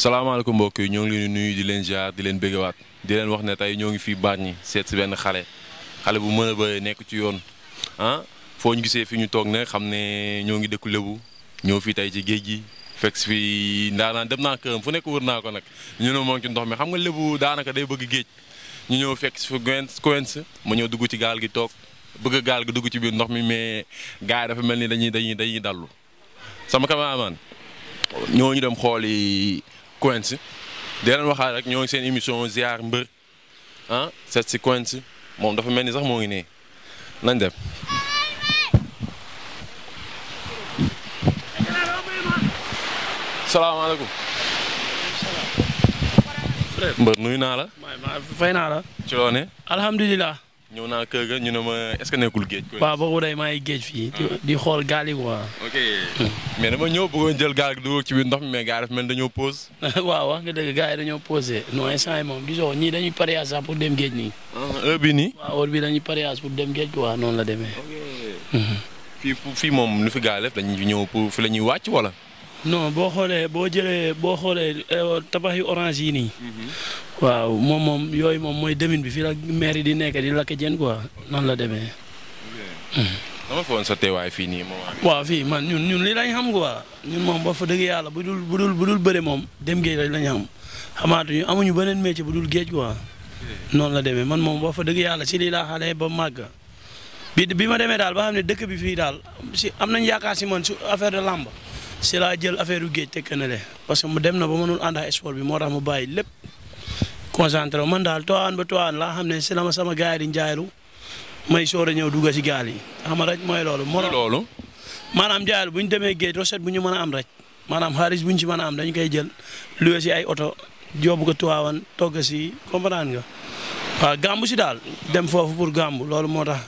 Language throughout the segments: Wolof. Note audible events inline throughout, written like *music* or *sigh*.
salaamaaleykum mbokk yi ñoo ngi leen di nuyu di leen jaar di leen waat di leen wax ne tey ñoo ngi fii baax ñi seet si benn xale xale bu mën a bëree nekk ci yoon ah foo ñu gisee fi ñu toog ne xam ne ñoo ngi dëkku lébu ñoo fii tey ci géej gi fekk fi ndaanaan dem naa këram fu nekk wër naa ko nag ñu ne moom ci ndox mi xam nga lébu daanaka day bëgg géej ñu ñëw fekk si Quench ma ñëw dugg ci gaal gi toog bëgg gaal gi dugg ci biir ndox mi mais gars dafa mel ni dañuy dañuy dañuy dallu sama cameraman ñoo ñu dem Quench di leen waxaat rek ñoo ngi seen émission ziar mbër ah seet si Quench moom dafa mel ni sax moo ngi nii nañ dem. salaamaaleykum. mbër nuyu naa la. fay naa la. ci loone. alhamdulilah. ñëw naa kër ga ñu ne ma est-ce que nekkul géej. waaw boobu day maay géej fii. Hmm. di xool gaal yi quoi. ok mais dama ñëw bëggoon jël gaal gi dugg ci biir ndox mi mais gars yi dafa mel dañoo pause. *laughs* waaw wax nga dëgg gars yi dañoo posé non instant yi moom gisoo ñii dañuy pariage sax pour dem géej nii. Ah, heure bii nii. waaw heure bii dañuy pariage pour dem géej quoi noonu la demee. Hmm. fii fii moom nu fi gars yi def dañuy ñëw pour fi la ñuy wàcc wala. non boo xoolee boo jëlee boo xoolee eh, tabax yu orange yi nii. Mhm. waaw moom moom yooyu moom mooy demin bi fii la maire yi di nekk di lakk jën quoi noonu la demee. Hmm. dama fa woon fii nii moom. waaw fii man ñun ñun li lañ xam quoi ñun moom ba fa dëgg yàlla bu dul bu dul bu dul bëre moom dem géej lañ xam xamaatuñu amuñu beneen métier bu dul géej quoi. noonu la demee man moom boo fa dëgg yàlla si lii laa xale ba màgg. bi ma demee daal ba xam ne dëkk bi fii daal si am nañ yaakaar si man su affaire de làmb si laa jël affaire yu géej tekk na le parce mu dem na ba mënul ànd ak sport bi moo tax mu bàyyi lépp concentré man daal toowaan ba toowaan laa xam ne si ma sama gars yi di njaaylu may soor ñëw dugg si gaal yi xam nga rek mooy loolu. mooy loolu. maanaam njaaylu bu ñu demee géej recette bu ñu mën a am rek maanaam xaalis bu ñu si mën a am dañu koy jël luwe si ay oto yóbbu ko toowaan togg si comprendre nga waaw gàmbu si daal dem foofu pour gàmbu loolu moo tax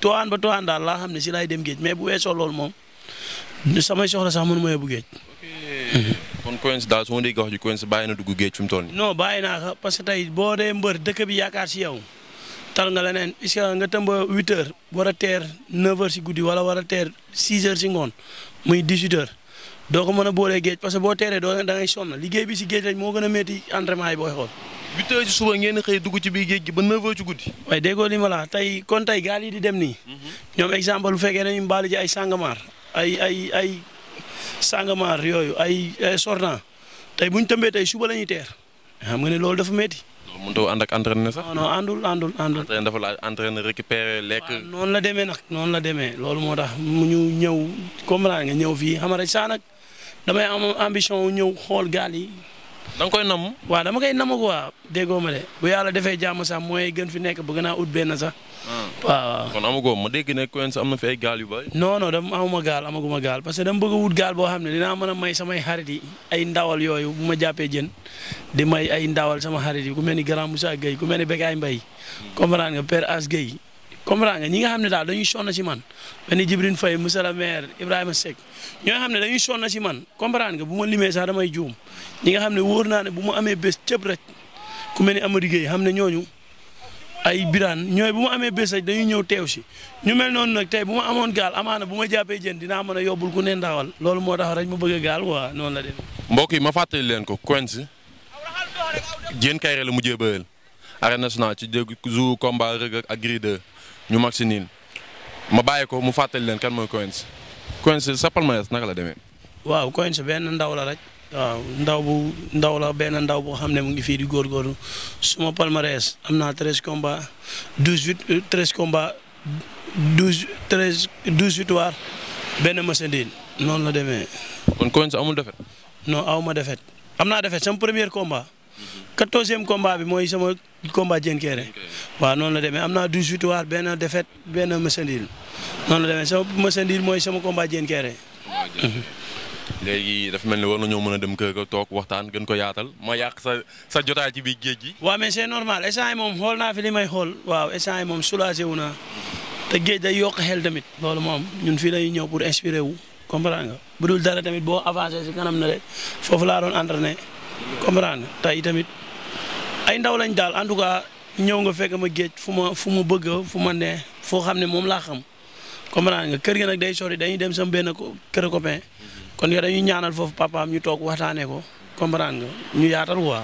toowaan ba toowaan daal laa xam ne si laay dem géej mais bu weesoo loolu moom. samay soxla sax mënuma yóbbu géej. kon coïncidence su ma dégg wax ji coïncidence bàyyi na dugg géej fi mu toll nii. non bàyyi naa ko parce que tey boo dee mbër dëkk bi yaakaar si yow tal nga leneen est-ce que nga tëmba huit heures war a teer neuf si guddi wala war a teer six heures si ngoon muy dix-huit heures doo a boolee géej parce que boo teeree doo da ngay bi si géej moo gën a métti entraînement yi booy xool. huit heures suba ngeen xëy dugg ci biir géej gi ba neuf heures ci guddi. waaye déggoo li ma la tey kon tey gaal yi di dem nii. Mhm. ñoom exemple bu fekkee dañuy mbaali ji ay sangamaar ay ay ay sangamaar yooyu ay ay sornaa tey bu ñu tëmbee tey suba la ñuy teer ne loolu dafa métti. loolu mënut a ànd ak entraîneur sax. non non àndul àndul àndul. entraîneur dafa la entraîneur récupérer lekk. noonu la demee nag noonu la demee loolu moo tax mu ñu ñëw comprendre nga ñëw fii xam rek saa nag damay am ambition ñëw xool gaal yi. da nga koy namm. waaw dama koy namm quoi déggoo ma de bu yàlla defee jàmm sax mooy gën fi nekk bëgg naa ut benn sax. waaw ah. ah. kon amagoo ma dégg ne Quench am na fi ay gaal yu bëri. non non dama amuma gaal amaguma gaal parce que dama bëgg a wut gaal boo xam ne dinaa mën a may samay xarit ay ndawal yooyu bu ma jàppee jën di may ay ndawal sama xarit yi ku mel ni Grand Moussa Gueye ku mel ni Bekay Mbaye comprendre nga Père As Gueye comprendre nga ñi nga xam ne daal dañuy sonn si man benn nga bu ma limee sax damay juum ñi nga xam ne wóor naa bu ma amee bés cëb rek ku mel ni Amady Gueye xam ne ay biraan ñooy bu ma amee bés dañuy ñëw teew si ñu mel noonu nag tey bu ma amoon gaal amaana bu ma jàppee jën dinaa mën a yóbbul ku ne ndawal loolu moo tax rek ma bëgg a gaal waa noonu la dem mbokk yi ma fàttali leen ko Quench Diène Kaïré la mujjee bëyal arène nationale ci dégg jour combat Reug ak Gris ñu mag si niin ma bàyyi ko mu fàttali leen kan mooy Quench Quench sa palmarès naka la demee waaw Quench benn ndaw la rek waaw ndaw bu ndaw la benn ndaw boo xam ne mu ngi fii di góorgóorlu suma palmarès am naa treize combats douze huit treize combats douze treize douze victoire benn masandiin noonu la demee. kon Quench amul defet. non aw ma defet am naa defet sama premier combat. quatorzième combat bi mooy sama combat Diène Kairé noonu la demee am naa douze victoire benn défaite benn masandiin noonu la demee sama masandiin mooy sama combat Diène léegi dafa mel ni war nañoo mën a dem kër ga toog waxtaan gën ko yaatal ma yàq sa sa jotaay ci biir géej gi. waaw mais c'est normal instant moom xool naa fi li may xool waaw instant moom soulagé wu naa te géej day yokk xel tamit loolu moom ñun fii lay ñëw pour inspiré wu comprendre nga bu dul dara tamit boo avancé si kanam na de foofu laa doon entraîné comprendre nga tey tamit ay ndaw lañ daal en tout cas ñëw nga fekk ma géej fu ma fu ma bëgg fu ma ne foo xam ne moom laa xam comprendre nga kër gi nag day sori dañuy dem sama benn kër copain kon nga dañuy ñaanal foofu papaam ñu toog waxtaanee ko comprendre nga ñu yaatal quoi.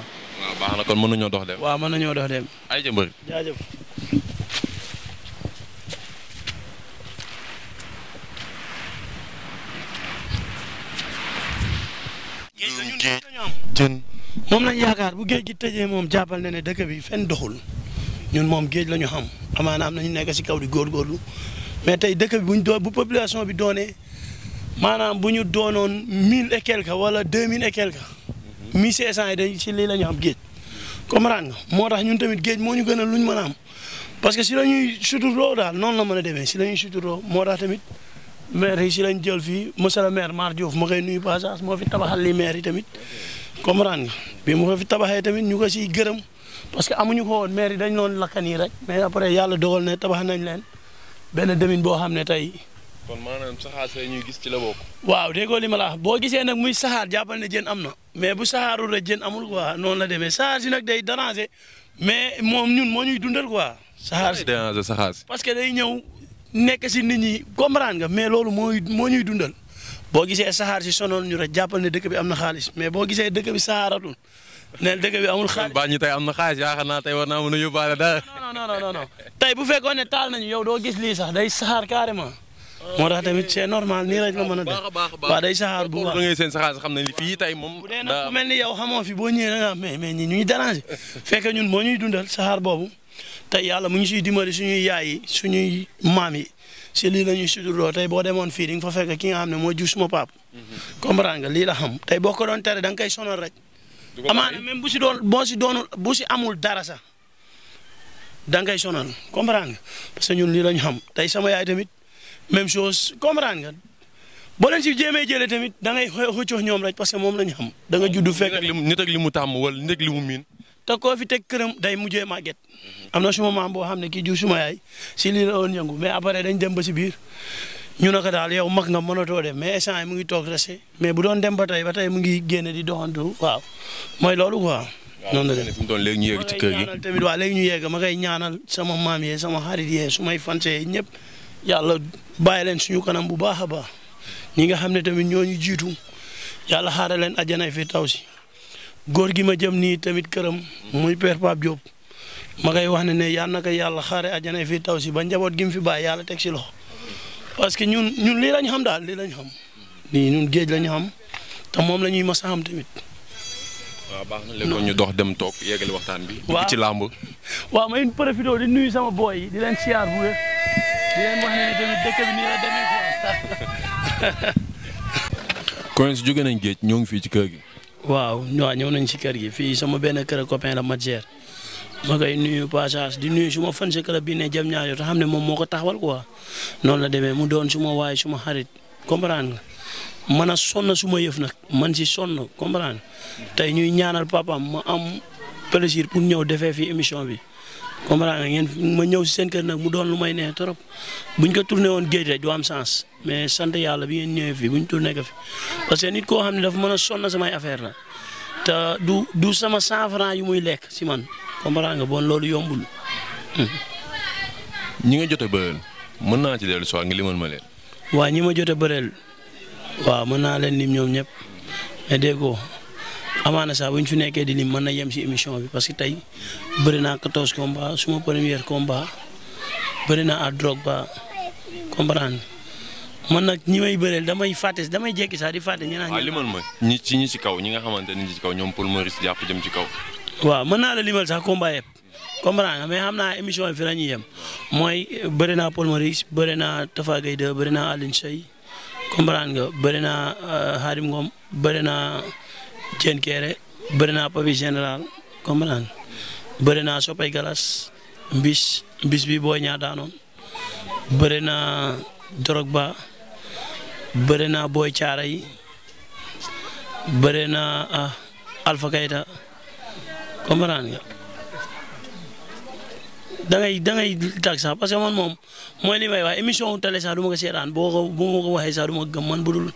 waaw na kon mën nañoo dox dem. mën nañoo dox dem. ay jëmbër jaajëf. jën moom lañ yaakaar bu géej gi tëjee moom jàppal na ne dëkk bi fen doxul ñun moom géej la ñu xam amaana am nañu nekk si kaw di góorgóorlu mais tey dëkk bi buñ bu population bi doonee maanaam bu ñu doonoon mille et quelque wala deux mille et quelque mhm. mille cent yi dañ ci lii la ñu am géej comprendre nga moo tax ñun tamit géej moo ñu gën a luñ mën a am parce que si la ñuy surtout suturloo daal noon la mën a demee si la ñuy suturloo moo tax tamit maire yi si lañ jël fii monsieur le maire Mar Diouf ma koy nuyu passage moo fi tabaxal li maire yi tamit comprendre nga bi mu ko fi tabaxee tamit ñu ko siy gërëm parce que amuñu ko woon maire yi dañ loon lakkan ni rek mais après yàlla dogal na tabax nañ leen benn demin boo xam ne tey kon maanaam saxaar see ñuy gis ci la bokk. waaw déggoo li ma la boo gisee nag muy saxaar jàppal ne jën am na mais bu saxaarul rek jën amul quoi noonu la demee saxaar si nag day déranger mais moom ñun moo ñuy dundal quoi. saxaar si déranger saxaar parce que day ñëw nekk si nit ñi comprendre mais loolu mooy moo ñuy dundal boo gisee saxaar si sonoon ñu rek jàppal ne dëkk bi am na xaalis mais boo gisee dëkk bi saxaaratul neen dëkk bi amul xaalis baa ñu tey am na xaalis yaakaar naa tey war naa mën a yóbbaale dara. non non tey bu fekkoon ne taal nañu yow doo gis lii sax day saxaar carrément moo tax tamit c'est normal nii lañ la mën a def waaw day saxaar bu baax da tey moom. bu dee nag ku mel ni yow xamoo fi boo ñëwee da nga mais mais ñi ñu ngi déranger *laughs* fekk ñun moo ñuy dundal saxaar boobu tey yàlla mu ngi siy dimbali suñuy yaay yi suñuy maam yi si lii la ñuy sudurloo tey boo demoon fii di nga fa fekk ki nga xam ne moo jur suma paap. Mhm. comprendre nga lii la xam tey boo ko doon tere da nga koy sonal rek. amaana même bu si doon boo si doonul bu si amul dara sax da nga koy sonal parce que ñun lii la ñu xam tey sama yaay même chose comprendre nga boo leen si jéemee jëlee tamit da ngay xëccoo ñoom rek parce que moom la ñu xam. da nga judd fekk nit ak li mu tàmm wala nit ak li mu miin. te koo fi day mujjee màgget. Mhm. am na suma maam boo xam ne kii jur suma yaay si lii la doon yëngu mais après dem ba si biir ñu ne ko daal yow mag nga mënatoo dem mais instant yi ngi toog resté mais bu doon dem ba tey ba tey mu ngi génne di doxantu waaw mooy loolu quoi. noonu la fi léegi ñu yegg ci kër gi. tamit waaw léegi ñu yegg ma koy ñaanal sama maam yee sama xarit yee su may fansee ñëpp yàlla bàyyi leen suñu kanam bu baax a baax ñi nga xam ne tamit ñoo ñu jiitu yàlla xaare leen àjjanay fi taw si góor gi ma jëm nii tamit këram muy père Pape Diop ma koy wax ne ne yal na yàlla xaare àjjanay fi taw si ba njaboot gi mu fi bàyyi yàlla teg si loxo parce que ñun ñun lii lañ xam daal lii lañ xam lii ñun géej lañu xam te moom la ñuy mas a xam tamit. waaw baax ñu dox dem toog yeggali waxtaan bi. may profité di nuyu sama boy di leen siyaar bu wér di leen wax *laughs* nañ géej ñoo ngi fii ci kër gi. waaw waaw ñëw nañ ci kër gi fii sama benn kër copain la Mathière ma koy nuyu passage di nuyu suma fan si club bi ne jëm ñaar yoo xam ne moom moo ko taxawal quoi noonu la demee mu doon suma waay suma xarit comprendre nga. man a su ma yëf nag man si sonn comprendre tey ñuy ñaanal papaam ma am plaisir pour ñëw defee fi émission bi comprendre nga ngeen ma ñëw si seen kër nag mu doon lu may neex trop buñ ko tourné woon géej rek du am sens mais sant yàlla bi ngeen ñëwee fii buñ tourné ko fi parce que nit koo xam ne dafa mën a sonn samay affaire la te du du sama cent franc yu muy lekk si man comprendre nga loolu yombul. ñi nga jot a bëreel mën naa ci dellu si nga limal ma leen. waa ñi ma jot a bëreel waaw mën naa leen lim ñoom ñëpp mais dégg amaana sax bu ñu fi nekkee di lim mën na yem si émission bi parce que tey bëri naa suma premier combat bëri naa à Drogba comprendre man nag ñi may bëreel damay fàtte damay jekki saa di fàtte. ñu naan waaw limal ma ñi ci ñi ci kaw ñi nga xamante ne ñi ci kaw ñoom Paul Maurice jàpp jëm ci kaw. waa mën naa la limal sax combat yëpp comprendre mais xam naa émission bi fi yem mooy bëri naa Paul Maurice bëri naa Tafa Gueye 2 bëri naa Alioune Seye comprendre nga Diène Kairé bëri naa Papis général comprendre bëri naa Sopay Galas mbis mbis bi boo ñaa daanoon bëri naa Drogba bëri naa Boy Caara yi bëri naa ah, Alpha Kayta da ngay da sax parce que man moom mooy li may wax émission wu sax du ma ko seetaan boo ko bu ma ko waxee sax du ma gëm man budul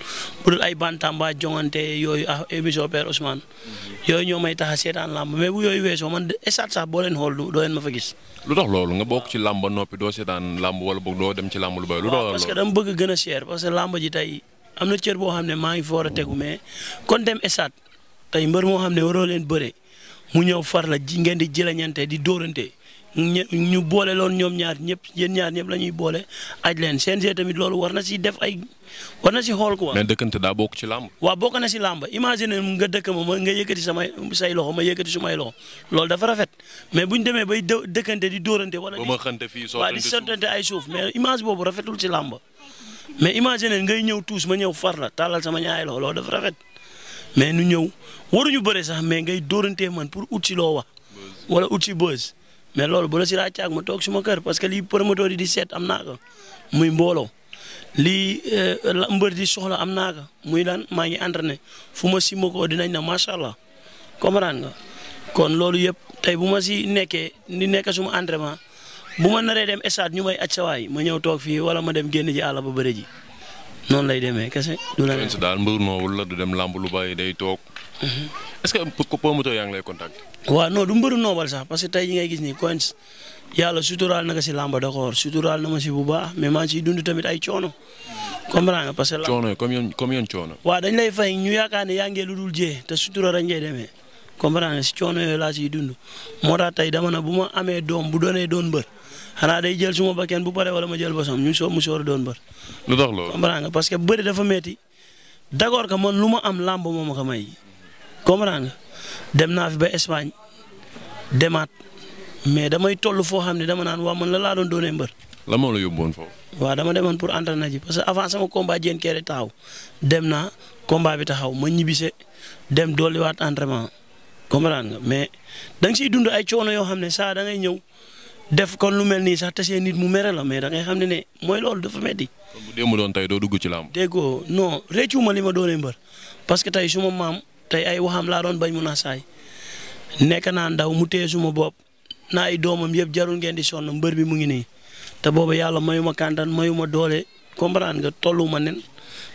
budul ay bantamba jongante yooyu ah émission Père Ousmane mhm. yooyu ñoo may tax a seetaan làmb mais bu yooyu weesoo man estat sax boo leen xool doo leen ma fa gis. lu tax loolu nga bokk ci làmb noppi doo seetaan làmb wala boog doo dem ci làmb lu bëri. lu tax loolu parce que dama bëgg gën a cher parce làmb ji tey am na cër boo xam ne maa ngi fa a mhm. tegu mais kon dem estat tey mbër moo xam ne waroo leen bëre mu ñëw far ji ngeen di jëlañante di dóorante ñu boole loon ñoom ñaar ñëpp yéen ñaar ñëpp la ñuy boole aj leen CNG tamit loolu war na si def ay war na si xool quoi. mais dëkkante daa bokk ci làmb. waaw bokk na si làmb imagine nga dëkk ma ma nga yëkkati samay say loxo ma yëkkati sumay loxo loolu dafa rafet mais bu ñu demee bay dëkkante di dóorante. wala di ba ma xante fii sottante di sottante ay suuf mais image boobu rafetul ci làmb. mais imagine ngay ñëw tuus ma ñëw far la tàllal sama ñaari loxo loolu dafa rafet mais nu ñëw waruñu bëre sax mais ngay dóorante man pour ut si loo wax wala ut si buzz mais loolu bu la si ràccaag ma toog suma kër parce que lii promoteur yi di seet am naa ko muy mbooloo lii euh, la mbër di soxla am naa ka muy lan maa ngi entraîné fu ma si ma ko dinañ na macha allah comprendre nga kon loolu yëpp tey bu ma si nekkee ni nekk suma entraînement bu ma naree dem stade ñu may aj sawaay ma ñëw toog fii wala ma dem génn ji àll ba bëre ji noonu lay demee kese. du la daal mbër noowul la du dem lamb lu bàyyi day toog. est-ce que promoteur yaa ngi lay contact waaw du mbëru noobal sax parce que tey yi ngay gis ni Quench la suturaal na ko si làmba d'accord suturaal na ma si bu baax mais maa ngi siy dund tamit ay coono. comprends nga parce que. coono yi comme yoon comme yoon coono. ngee lu dul jee te sutura rek ngay demee comprends nga dund moo tax tey dama na bu ma amee doom bu doonee doon mbër. xanaa day jël suma bakken bu pare wala ma jël bosam ñu soo mu doon bër. lu parce que bëri dafa metti d'accord que man lu ma am làmb moo ma ko may. comprendre nga dem naa fi ba Espagne demaat mais damay toll foo xam ne dama naan waa man la laa doon doonee mbër. la moo la yóbbuwoon foofu. waaw dama demoon pour entraîner ji parce que avant sama combat jéen kere taxaw dem naa combat bi taxaw ma ñibbise dem dolliwaat entraînement comprendre nga mais da nga siy dund ay coono yoo xam ne saa da ngay ñëw def kon lu mel nii sax te see nit mu mere la mais da ngay xam ne ne mooy loolu dafa metti. kon bu démb doon tey doo dugg ci làmb. déggoo non ma li ma doonee mbër tey ay waxam laa doon bañ mu na saay nekk naa ndaw mu téye suma bopp naa ay doomam yëpp jarul ngeen di sonn mbër bi mu ngi nii te boobu yàlla mayuma mayu ma doole comprendre nga tollu ma nen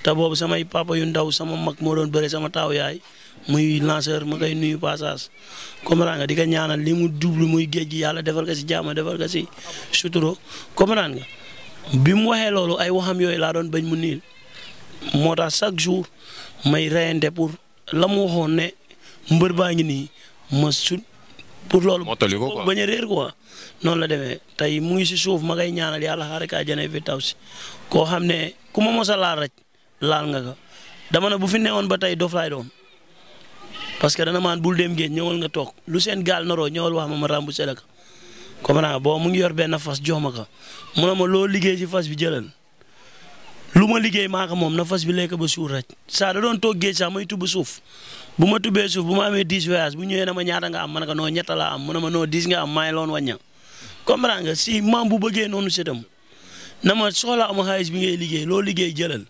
te boobu samay papa yu ndaw sama mag moo doon bëre sama taaw yaay muy lanceur ma koy nuyu passage comprendre nga di ko ñaana lii mu jublu muy géej gi yàlla defal si jàmm defal ko si suturo comprendre nga bi mu waxee loolu ay waxam yooyu laa doon bañ mu niil moo tax chaque jour may reyante pour la mu waxoon ne mbër baa ngi nii ma sut pour loolu. mottali ko bañ a réer quoi. noonu la demee tey mu ngi si suuf ma ngay ñaanal yàlla xaaral kaa jëndee fi taw si koo xam ne ku ma mos a laal rek laal nga ka dama ne bu fi newoon ba tey dof doon. parce que dana maan bul dem géej ñëwal nga toog lu seen gaal naroo ñëwal wax ma ma ràmbu sele ka comme naa boo mu ngi yor benn fas jox ma ko mu ne ma loo liggéey si fas bi jëlal lu ma liggéey maa moom na fas bi lekk ba suur rek saa da doon toog géej sax may tubb suuf bu ma tubbee suuf bu ma amee dix voyages bu ñëwee na ma ñaata nga am ma ne ko noo ñett laa am mu ne ma noo dix nga am maa ngi loon wàñña comprendre nga si maam bu bëggee noonu setam na ma soxla ama xaalis bi ngay liggéey loo liggéey jëlal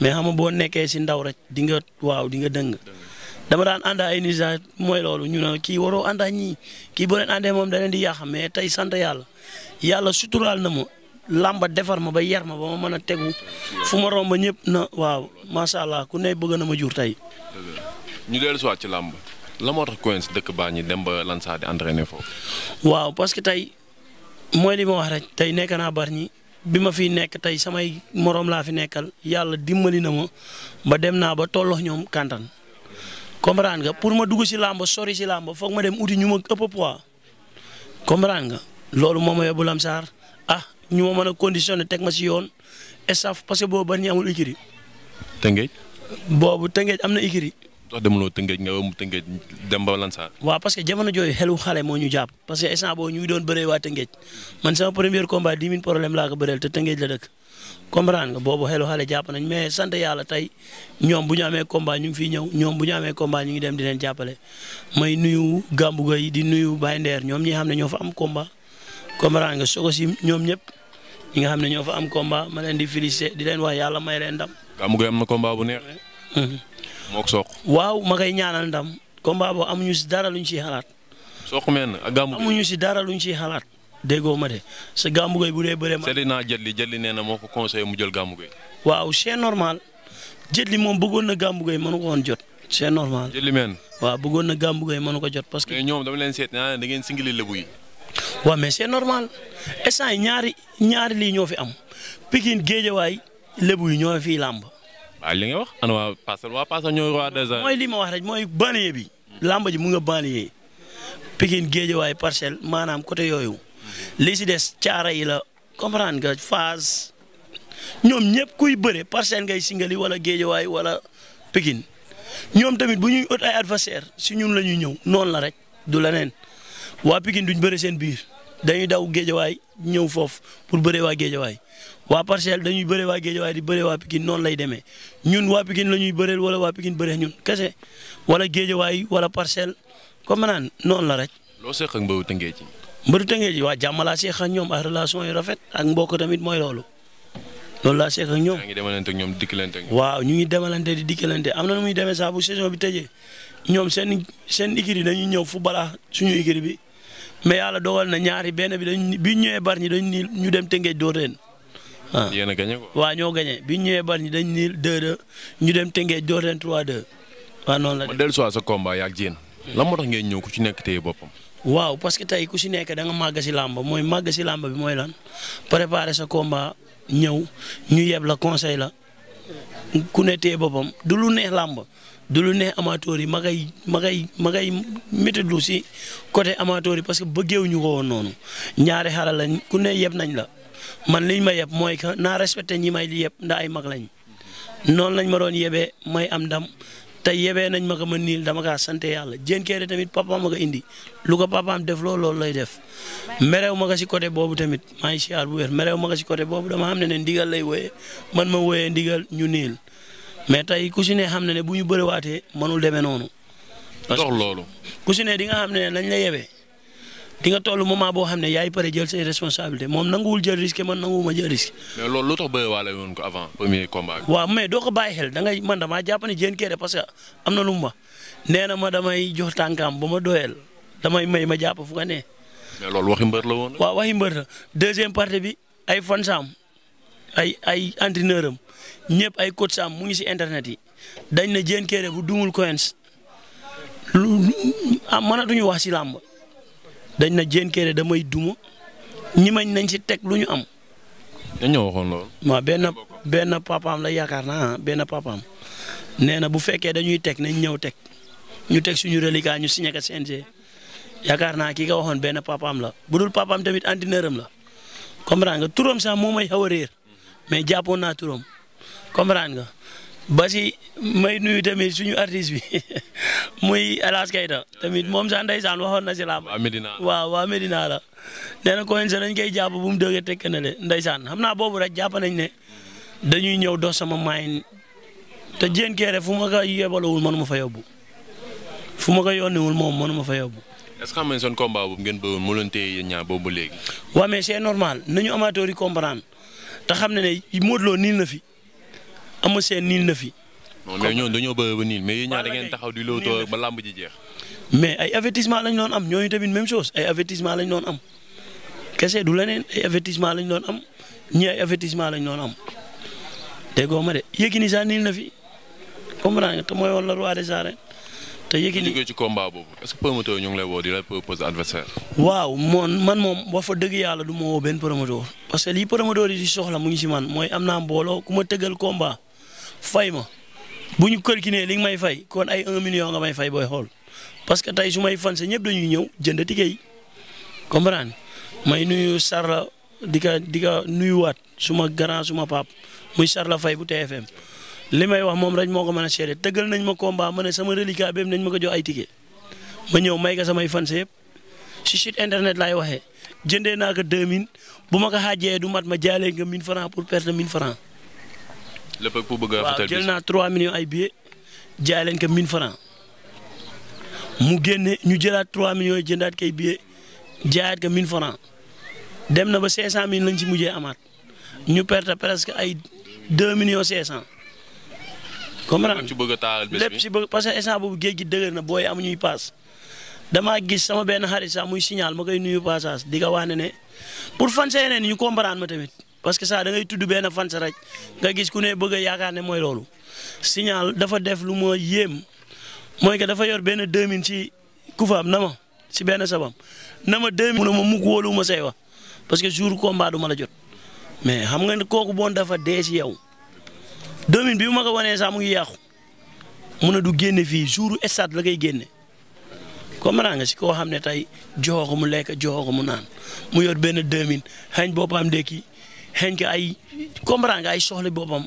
mais xam nga boo nekkee si ndaw rek di nga waaw di nga dëng dama daan ànd ay mooy loolu ñu ne kii waroo ànd ak ñii kii boo leen moom da di yàq mais tey sant yàlla yàlla suturaal na ma làmba defar ma ba yar ma ba ma mën a tegu fu ma romb ñëpp na waaw macha ku ne bëgg na ma jur tey. ñu dellu si waat ci làmb la moo tax Quench dëkk baa dem ba Lansar di entraîné foofu. waaw parce que tey mooy li ma wax rek tey nekk naa bar ñi bi ma fi nekk tey samay moroom laa fi nekkal yàlla dimbali na ma ba dem naa ba tollox ñoom kantan comprendre nga pour ma dugg si làmb sori si làmb foog ma dem uti ñu ma ëpp poids comprendre nga loolu moo ma yóbbu ñu ma mën a conditionné teg ma si yoon staff parce que boobu ba ñu amul écurie. Tëngéej. boobu Tëngéej am na écurie. ndax demuloo Tëngéej nga wëm Tëngéej dem ba Lansar. waa parce que jamono jooyu xelu xale moo ñu jàpp parce que instant boobu ñu doon bëree waa Tëngéej man sama premier combat 10 000 problème laa ko bëreel te Tëngéej la dëkk. comprendre nga boobu xelu xale jàpp nañ mais sant yàlla tey ñoom bu ñu amee combat ñu ngi fiy ñëw ñoom bu ñu amee combat ñu ngi dem di leen jàppale may nuyu gàmbuga yi di nuyu Baye ñoom ñi xam ne ñoo fa am combat comprendre nga si ñoom ñëpp ñi nga xam ne ñoo fa am komba ma leen di féliciter di leen wax yàlla may leen ndam. Gamou Gueye am na combat bu neex. Mhm. moog Sokh. waaw ma koy ñaanal ndam combat boobu ñu si dara luñ si xalaat. Sokh meen am ñu Gueye amuñu si dara luñ ciy xalaat. déggoo ma de sa Gamou Gueye bu dee bëree ma. Seydina Jadli Jadli nee na moo ko conseillé mu jël Gamou Gueye. waaw c'est normal Jadli moom buggoon na Gamou Gueye mënu ko woon jot. c'est normal Jadli meen. waaw bëggoon na Gamou Gueye mënu ko jot parce que. mais ñoom leen seet naa ngeen singili lebu yi. waaw mais c'est normal instant yi ñaari ñaari lii ñoo fi am Pikine Géejawaay lébu yi ñoo fiy làmb. waaw li nga wax ana waa Parcelles waa Parcelles ñooy roi des arènes. mooy li ma wax rek mooy banlieue bi. làmb ji mu nga banlieue Pikine Géejawaay Parcelles maanaam côté yooyu li si des caara yi la comprendre nga phase ñoom ñëpp kuy bëre Parcelles ngay singali wala Géejawaay wala Pikine ñoom tamit bu ñuy ut ay si ñun la ñuy ñëw noonu la rek du leneen waa Pikine ñu bëre seen biir dañuy daw géejawaay ñëw foofu pour bëree waa géejawaay waa parcelle dañuy bëree waa géejawaay di bëree waa Pikine noonu lay demee ñun waa Pikine la ñuy bëreel wala waa Pikine bëree ñun kese wala géejawaay wala parcelle comme naan noonu la rek. loo seq ak mbëru tëngee ji. mbëru tëngee ji waa jàmm laa seq ak ñoom a relation yu rafet ak mbok tamit mooy loolu. loolu laa seq ak ñoom yaa ngi demalante ak ñoom dikkalante ak ñoom. ñu ngi demalante di dikkalante am na nu muy demee saa bu saison bi tëjee ñoom seen seen écurie dañuy ñëw fu balaa ah, suñu écurie bi mais yàlla dogal na ñaari benn bi dañ bi ñëwee bar ñi dañ niil ñu dem Tëngéej door leen. waaw ah. a gagné ñoo gagné bi ñëwee bar ñi dañ niil 2-2 ñu dem Tëngéej door leen 3-2 waaw noonu la. ma dellu sa combat yaa ak Diène. lan moo tax ngeen ñëw ku ci nekk téye boppam. waaw parce que tey ku si nekk danga nga màgg si làmb mooy màgg si làmb bi mooy lan préparer sa komba ñëw ñu yeb la conseil la ku ne téye boppam du lu neex làmb du lu neex amateurs yi ma ngay ma ngay ma ngay métitlu si côté amateurs yi parce que bëggeewuñu ko woon noonu ñaare xaral lañ ku ne yeb nañ la man liñ ma yeb mooy que naa respecté ñi may li yeb ndax ay mag lañ noonu lañ ma doon yebee may am ndam te yebee nañ ma ko ma niil dama kaa sant yàlla jéen keere tamit papaam ma indi lu ko papaam def loolu loolu lay def merew ma ko si côté boobu tamit maa ngi siyaar bu wér merew ma ko si côté boobu dama xam ne ne ndigal lay wooyee man ma wooyee ndigal ñu niil mais tey ku si ne xam na ne bu ñu bëriwaatee mënul demee noonu. parce que loolu. ku si ne nga xam ne lañ la yebee di nga toll moment boo xam ne yaay pare jël say responsabilité moom nanguwul jël risque man nanguwuma jël risque. mais loolu lu tax bëriwaale woon ko avant premier combat bi. waaw mais doo ko bàyyi xel da man dama jàpp ne jéen kere parce que am na lu mu ma nee na ma damay jox tànkaam ba ma doyel damay may ma jàpp fu nga ne. mais loolu waxi mbër la woon. waaw waxi mbër la deuxième partie bi ay fansam ay ay entraîneur ñëpp ay coach sam mu ngi si internet yi dañ na Diène Kairé bu dumul Quench lu ah mënatuñu wax si làmb dañ na Diène Kairé damay duma ñi mañ nañ si teg lu ñu am. dañoo waxoon loolu. waaw benn benn papaam la yaakaar naa ah, benn papaam nee na bu fekkee dañuy teg nañ ñëw teg ñu teg suñu reliquat ñu signé ak CNG yaakaar naa kii nga waxoon benn papaam la bu dul papaam tamit entraîneur am la comprendre nga turam sax moo may xaw a réer mais jàppoon naa turam. comprendre nga ba si may nuyu tamit suñu artiste bi *laughs* muy Alas Kayta tamit moom sax ndeysaan waxoon na si waa Medina la nee na sa dañ koy jàpp bu mu dëggee tekk na le ndeysaan xam naa boobu rek jàpp nañ ne dañuy ñëw dox sama maayin te jéen keere fu ma ko yebalowul mënu ma fa yóbbu fu ma ko yónniwul moom mënu ma fa yóbbu est-ce que xam ngeen c'est normal nañu amateur yi te xam ne ne Modou Lo niil na fi Eumeu Sène niil na fi. non mais ñoom dañoo bëri ba niil mais yéen ñaar da ngeen taxaw di lóotoo ba làmb ji jeex. mais ay avertissement lañ doon am ñoo tamit même chose ay lañ doon am kese du leneen ay avertissement lañ doon am ñii ay avertissement lañ doon am déggoo ma de Yékini sax niil na fi comprendre nga te mooy woon la roi des te Yékini ñu ngi lay woo di la waaw moom man moom wax fa dëgg yàlla du ma woo benn promoteur parce que lii promoteur yi di soxla mu ngi si man mooy am naa mbooloo ku ma tëggal combat. fay ma bu ñu calculer li nga may fay kon ay 1 million nga may fay booy xool parce que tey su may fan ñëpp dañuy ñëw jënd ticket yi comprendre may nuyu Sarla di ka di ka nuyuwaat suma grand suma pap muy Sarla Faye bu TFM li may wax moom rek moo ko mën a seede tëggal nañ ma combat ma ne sama reliquat bépp nañ ma ko jox ay ticket ma ñëw may ko samay fan sa yëpp si site internet laay waxee jëndee naa ko 2000 bu ma ko xaajee du mat ma jaalee nga 1000 francs pour perdre 1000 lépp pour bëgg a. waaw jël naa 3 millions ay billets jaay leen min 1000 mu génne ñu jëlaat 3 millions jëndaat kay billets jaayaat ko 1000 francs dem na ba 500000 lañ ci mujjee amaat ñu perte presque ay 2 millions 500. comprendre lépp ci bëgg a taal bés parce que instant boobu géej gi dëgër na booy amuñuy paas. damaa gis sama benn xarit sax muy signal ma koy nuyu passage di ko wax ne ne pour fan see yeneen ñu comprendre ma tamit parce que ça da ngay tudd benn fan sa rek nga gis kune ne bëgg a yaakaar mooy loolu signal dafa def lu ma yéem mooy que dafa yor benn 2000 ci kufaam na ma si benn sabam na ma 2000 mu ne ma mukk wóolu ma say wax parce que jour combat du ma la jot mais xam nga ne kooku boon dafa dee si yow 2000 bi ma ko wanee sax mu ngi yàqu mun ne du génne fii jour stade la koy génne. comprends nga si ko xam ne tey joxoo ko mu lekk joxoo mu naan mu yor benn 2000 xañ boppam ndekki xëy ka ay comprendre ay soxla boppam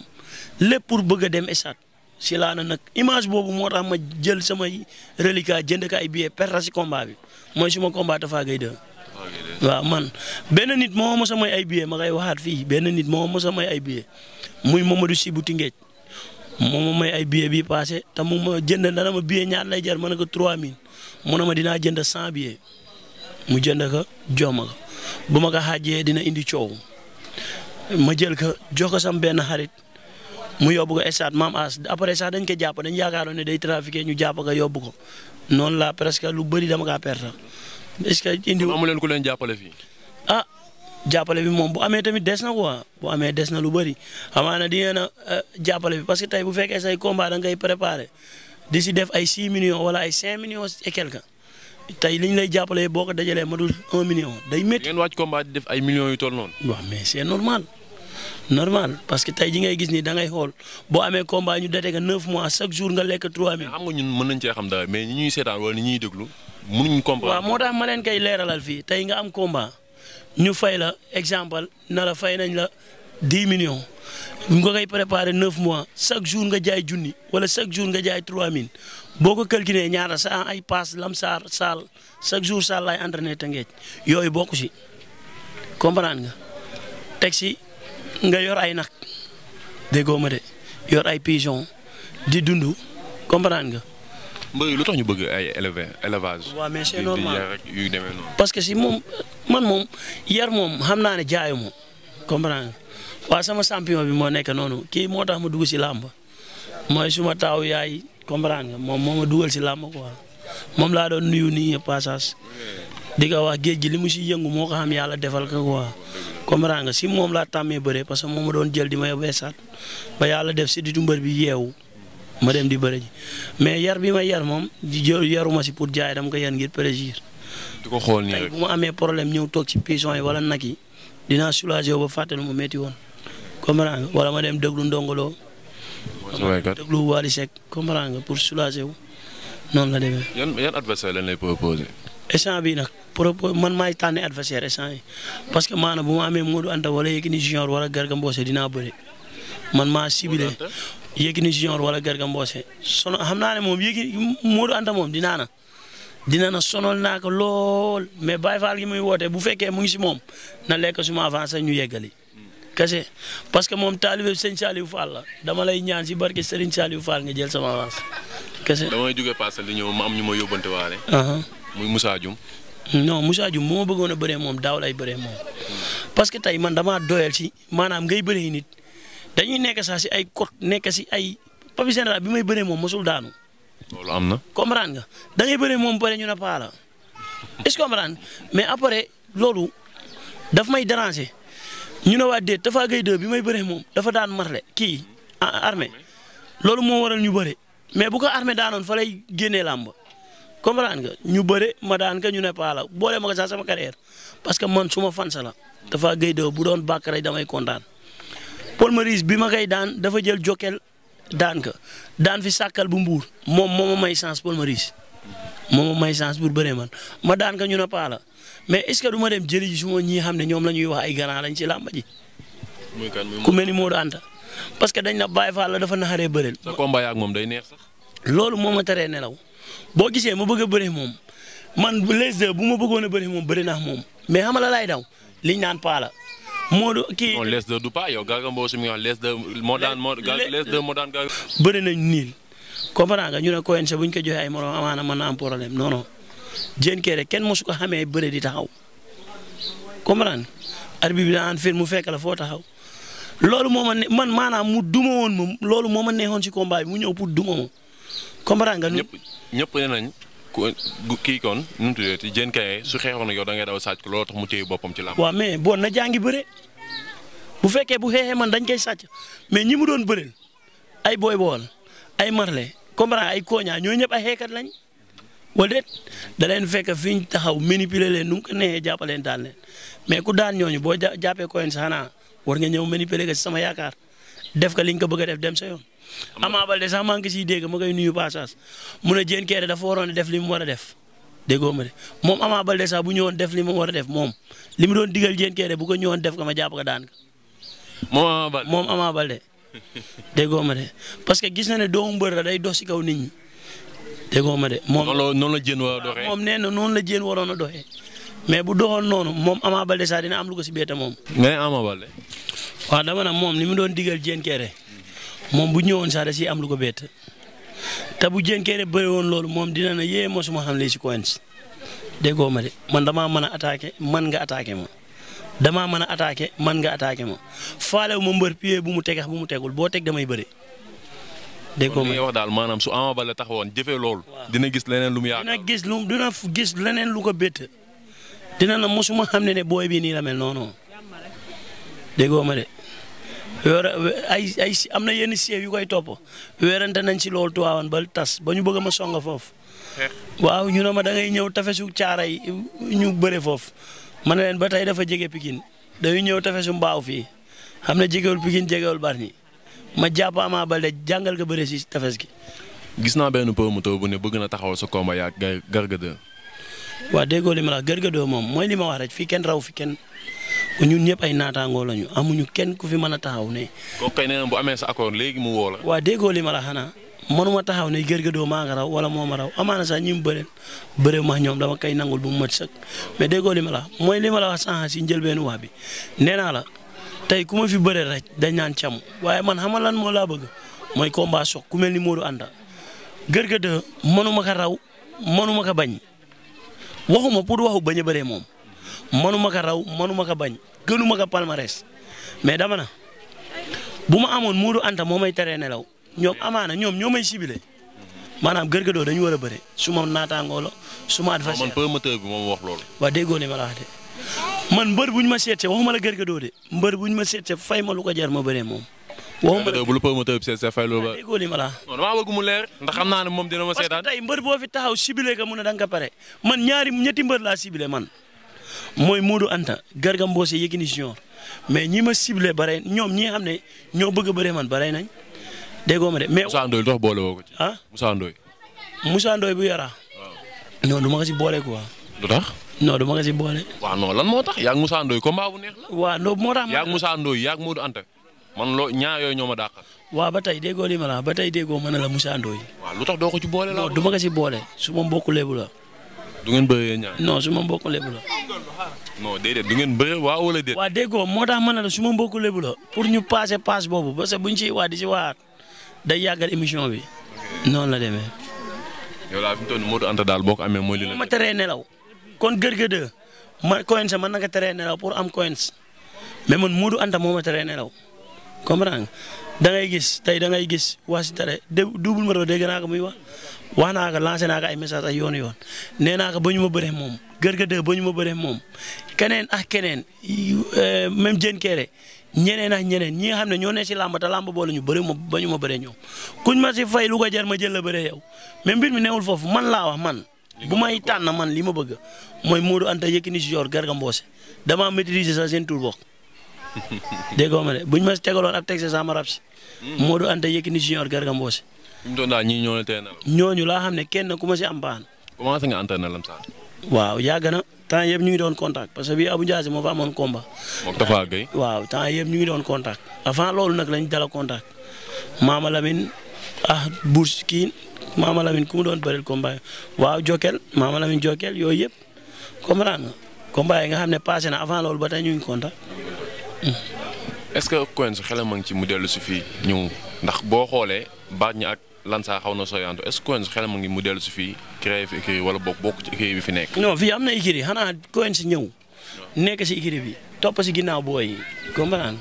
lépp pour bëgg a dem esat si laa na nag image boobu moo tax ma jël samay reliquat jënd ko ay billets perte si bi mooy suma combat Tapha Gueye 2. waaw man benn nit moo mos a may ay billets ma koy waxaat fii benn nit moo mos a may ay billets muy Mamadou Sy bu Tingéej moo ma may ay billets bi passé te mu ma jënd dana ma billet ñaar lay jar ma ne ko 3000 mu ne ma dinaa jënd 100 billets mu jënd ko jox ma bu ma ko xaajee dina indi coow. ma jël ko jox ko sam benn xarit mu yóbbu ko stade maam as après sax dañ ko jàpp dañ yaakaaroon ne day trafiqué ñu jàpp ka yóbbu ko noonu la presque lu bëri dama kaa perte est-ce que. indi amu leen ku leen jàppale fii. ah jàppale bi moom bu amee tamit des na quoi bu amee des na lu bëri xamaa na di ngeen a eh, jàppale bi parce que tey bu fekkee say combat da ngay préparé di si def ay 6 millions wala ay 5 millions et tey liñ lay jàppalee boo ko dajalee ma dul un million day métti. ngeen wàcc combat di def ay million yu toll noonu. waaw mais c'est normal normal parce que tey ji ngay gis nii da ngay xool boo amee combat ñu date nga neuf mois chaque jour nga lekk trois mille. xam ñu ñun mën nañ cee xam dara mais ñi ñuy seetaan moo tax ma leen koy leeralal fii tey nga am combat ñu fay la exemple na la fay nañ la dix millions. nga koy préparer neuf mois chaque jour nga jaay junni wala chaque jour nga jaay trois mille boo ko calculé ñaara sa ay paas lamsaar saal chaque jour saal laay entraîné tëngeej yooyu bokku si comprendre nga teg si nga yor ay nag déggoo ma de yor ay pigeon di dund comprendre nga. mbéy lu tax ñu bëgg ay élevé élevage. waaw parce que si moom man moom yar moom xam naa ne jaayu moom comprendre nga waaw sama champion bi moo nekk noonu kii moo tax ma dugg si làmb mooy suma taaw yaay. comprendre nga moom moo dugal si làmb quoi moom laa doon nuyu nii passage di ko wax géej gi li mu si yëngu moo ko xam yàlla defal ko quoi comprendre nga si moom laa tammee bëre parce que moom ma doon jël di ma yóbbee saat ba yàlla def si di mbër bi yeewu ma dem di bëri ji mais yar bi ma yar moom ji di yaruma si pour jaay dama ko yar ngir plaisir. di ko xool ma amee problème ñëw toog ci pigeon yi wala nag yi dinaa soulager ba mu métti waykat déglu Wally pour soulager wu noonu la demee. yan yan adversaire lañ lay proposé. échange bi nag propos man maay tànn adversaire échange yi parce que maanaam bu ma amee Modou Anta wala Yékini Junior wala Garga Mbossé dinaa bëri man maa ciblé Yékini Junior wala Garga Mbossé sono xam naa ne moom Yékini Modou Anta moom dinaa na dina na sonol naa ko lool mais Baye Fall gi muy woote bu fekkee mu ngi si moom na lekk suma avancé ñu yeggali. kase parce que moom taalibe sëñ Saliou Fall la dama lay ñaan si barke Serigne Saliou faal nga jël sama avance kase. damay jógee Parcelles di ñëw ma am ñu ma yóbbante waale. muy Moussa Dioum. non Moussa Dioum moo bëggoon a bëree moom daaw lay bëree moom. parce que tey man damaa doyal si maanaam ngay bëree nit dañuy nekk sax si ay côte nekk si ay Papis Général bi may bëree moom mosul daanu. loolu am na. comprendre nga da bëree moom bëre ñu ne paa la est-ce que loolu daf may déranger. ñu ne waa déet Tafa Gueye 2 bi may bëree moom dafa daan marle kii armée loolu moo waral ñu bëre mais bu ko armée daanoon fa lay génnee làmb comprendre nga ñu bëre ma daan ka ñu ne paa la boole ma ko sax sama carrière parce que man suma fan sa la Tafa Gueye 2 bu doon bàkk rek damay kontaan Paul Maurice bi ma koy daan dafa jël jokel daan ka daan fi sàkkal bu mbuur moom moo ma may chance Paul Maurice moo ma may chance pour bëree man ma daan ka ñu ne mais est ce que du ma dem jëli ji su ma xam ne ñoom la ñuy wax ay grand lañ ci làmb ji. ku mel ni Modou Anta parce que dañ na Baye Fall la dafa naxaree bëreel. sa combat ak moom day neex sax. loolu moo ma teree nelaw boo gisee ma bëgg a bëri moom man les deux bu ma bëggoon a bëri moom bëri naa moom mais xam la laay daw liñ naan paa la Modou kii. non les deux du paa yow Garga Mbossé mi nga les deux moo daan moo les deux moo bëri nañ niil comprendre nga ñu ne Coense bu ñu ko joxee ay morom amaana mën na am problème non Diène Kairé kenn mosu ko xamee bëre di taxaw comprendre arbitre bi bi daan fir mu fekk la foo taxaw loolu moo ma ne man maanaam mu duma woon moom loolu moo ma neexoon ci combat mu ñëw pour duma moom comprendre nga. ñëpp ñëpp nee nañ kii kon nu mu tuddee ci Diène su xeexoon ak yow da ngay daw sàcc ko loolu tax mu téye boppam ci làmb. waaw mais bon na jàngi bëre bu fekkee bu xeexee man dañ koy sàcc mais ñi mu doon bëreel ay Boy Baol ay Marley comprendre ay Koña ñooñu ñëpp ay xeexkat lañ. wala déet da leen fekk fi ñu taxaw manipuler leen nu mu ko neexee jàppaleen daan leen mais ku daan ñooñu boo ja jàppee Coins xanaa war nga ñëw manipuler ko si sama yaakaar def ka liñ nga ko bëgg a def dem sa yoon. Ama Baldé sax maa ngi siy dégg ma koy nuyu passage mu ne Diène Kairé dafa waroon def li mu war a def déggoo ma de moom Ama Baldé sax bu ñëwoon def li mu war a def moom li mu doon digal Diène Kairé bu ko ñëwoon def ko ma jàpp ko daan ko. moom moom Ama Baldé *laughs* ma de parce que gis na ne doomu mbër la day dox si kaw nit ñi. déggoo ma de. moom noonu la jën war a doxee nee na noonu la jën waroon doxee mais bu doxoon noonu moom Ama Balde sax dina am lu ko si béykat moom. nga ne Ama Balde. waaw dama na moom ni mu doon digal jën kere moom bu ñëwoon sax da ciy am lu ko béykat te bu jën kere woon loolu moom dina na yee mosuma xam la si coins déggoo ma de man damaa mën a attaqué man nga attaqué ma. damaa mën a attaqué man nga attaqué ma faalewu ma mbër pied bu mu tegax bu mu tegul boo teg damay bëri. déggoo li nga wax daal maanaam su Ama Baldé taxawoon jëfee loolu. dina gis leneen lu mu yaakaar dina gis lu dina gis leneen lu ko bett. dina na mosuma xam ne ne booy bii nii la mel non non de weera ay ay am na yenn séew yu koy topp weerante nañ si loolu tuwaawan ba tas ba ñu bëgg ma songa foofu. Eh. waaw ñu ne ma da ngay ñëw tafesu caara yi ñu bëre foofu ma ne leen ba tey dafa jege Pikine dañuy ñëw tafesu mbaaw fii xam ne jegewul Pikine jegewul Bargny ma jàpp ba Baldé jàngal ko bëre si tefes gi. gis naa benn promoteur bu ne bëgg na taxawal sa combat yaa ak waa déggoo li ma la Garga moom mooy li ma rek fii kenn raw fi kenn ñun ñëpp ay naataangoo lañu amuñu kenn ku fi mën a taxaw ne. kooku kay nee na bu sa accord léegi mu woo la. waa déggoo li ma la xanaa mënuma taxaw ne Garga 2 maa nga raw wala moo ma raw amaana sax ñi mu bëre bëre ma ñoom dama kay nangul bu mu mët sax mais déggoo li ma la mooy li ma la wax sànq si njëlbeenu wax bi nee naa la. tey ku ma fi bëree rek dañ naan cam waaye man xamal lan moo laa bëgg mooy combat sox ku ni Modou Anta Garga 2 mënuma ko raw mënuma ko bañ waxuma pour waxu bañ a bëree moom mënuma ko raw mënuma ko bañ gënuma ko palmarès mais dama na bu ma amoon Modou Anta moo may teree nelaw ñoom amaana ñoom ñoo may sibile maanaam Garga 2 dañu war a bëre su ma naataangoo la su ma adversaire man promoteur bi moom waa déggoo li ma la man mbër bu ñu ma seetee waxuma la Garga de mbër bu ñu ma seetee fay ma lu ko jar ma bëree moom. waxuma la bu lu promoteur bi seetee fay lu ba. déggoo ma la non damaa mu leer ndax xam naa ne moom dina ma seetaan. parce que tey mbër boo fi taxaw sibile ka mu ne da nga ko pare man ñaari ñetti mbër laa sibile man mooy Moodu Anta Garga Mbossé Yékini Junior mais ñii ma ciblé bare ñoom ñi nga xam ne ñoo bëgg a bëree man bare nañ déggoo ma de mais. Moussa Ndoye tax boole woo ko ci. ah Moussa Ndoye. Moussa Ndoye bu yara. waaw non du ma ko si non du ma ko si boole. waaw non lan moo tax yaag Moussa Ndoye combat bu neex la. waaw non moo tax. yaag Moussa Ndoye yaag Modou Anta man loo ñaar yooyu ñoo ma dàqal. waaw ba tey déggoo li ma la ba tey déggoo ma ne la Moussa Ndoye. lu tax doo ko ci boole la. non du ma ko boole su ma la. du ngeen bëree ñaar. non su ma mbokk lébu la. non du ngeen bëree waaw wala déet. waaw moo tax ma ne la su ma mbokk lébu la pour ñu passé passe boobu parce que buñ ciy waa di si waat day yàggal émission bi noonu la demee. yow laa fi mu toll nii Modou Anta daal boo ko amee mooy li la. ma teree nelaw kon Garga 2 man Coense mën na ko teree nelaw pour am Coense mais man Moodu Anta moo ma teree nelaw comprendre nga da ngay gis tey da ngay gis waa si tere dé double moto dégg muy wax wax naa ko lancé naa ay message ay yoon yoon nee naa ko ba ñu ma bëree moom Garga 2 ba ñu ma bëree moom keneen ak keneen euh, même jen keere ñeneen ak ñeneen ñi nga xam ne ñoo ne si làmb te làmb boole ñu bëri ma ñu ma bëree ñoom kuñ ma si fay lu ko jar ma jël la bare yow mais mbir mi newul foofu man laa wax man. bu may tànn man li ma bëgg mooy Modou Anta Yékini Junior Garga Mbossé damaa maîtriser sa seen tur bokk *laughs* dégg nga ma ne buñ ma tegaloon ab teg sama rab si. Hmm. Modou Anta Yékini Junior Garga Mbossé. fi mu doon daal ñii ñoo la tey na ñooñu laa xam ne kenn ku ma si am baax na. commencé nga waaw yàgg na temps yëpp ñu ngi doon contact parce que bii Abou Ndiassé moo fa amoon combat. moom Tafa Gueye waaw temps yëpp ñu ngi doon contact. avant loolu nag lañ dala contact Mama Lamine ah buur si kii Maama Lamine ku mu doon bëril combat waaw Jokal Maama Lamine Jokal yooyu yëpp comprendre nga yi nga xam ne passé na avant loolu ba tey ñu ngi kontaan. Hmm. est-ce que Quench xelam ma ngi ci mu dellu si fii ñëw ndax boo xoolee baat ñi ak Lansa xaw na sooyantu est-ce que Quench ngi mu dellu si fii créé fi écurie wala bokk bokk ci écurie bi fi nekk. non fii am na écurie xanaa si ñëw nekk si écurie bi topp si ginnaaw booy yi comprendre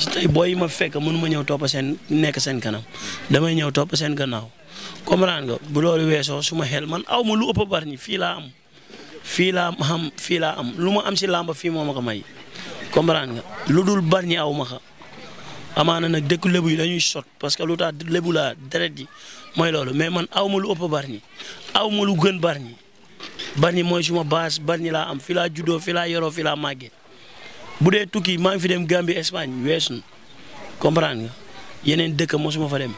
si tey booy ma fekk ma ñëw topp seen nekk seen kanam damay ñëw topp seen gannaaw comprendre nga bu loolu weesoo su ma xel man aw ma lu ëpp bari ñi fii laa am fii laa am fii laa am lu ma am si làmba fii moo ma ko may comprendre nga lu dul bari ñi aw ma ko amaana nag dëkk lébu yi dañuy sot parce que lu tax lébu laa deret ji mooy loolu mais man aw ma lu ëpp bari ñi aw ma lu gën bari ñi bari ñi mooy suma base bari ñi laa am fii laa juddoo fii laa yoroo fii laa màggee bu dee tukki maa ngi fi dem Gambie Espagne weesu comprendre nga yeneen dëkk mosuma fa dem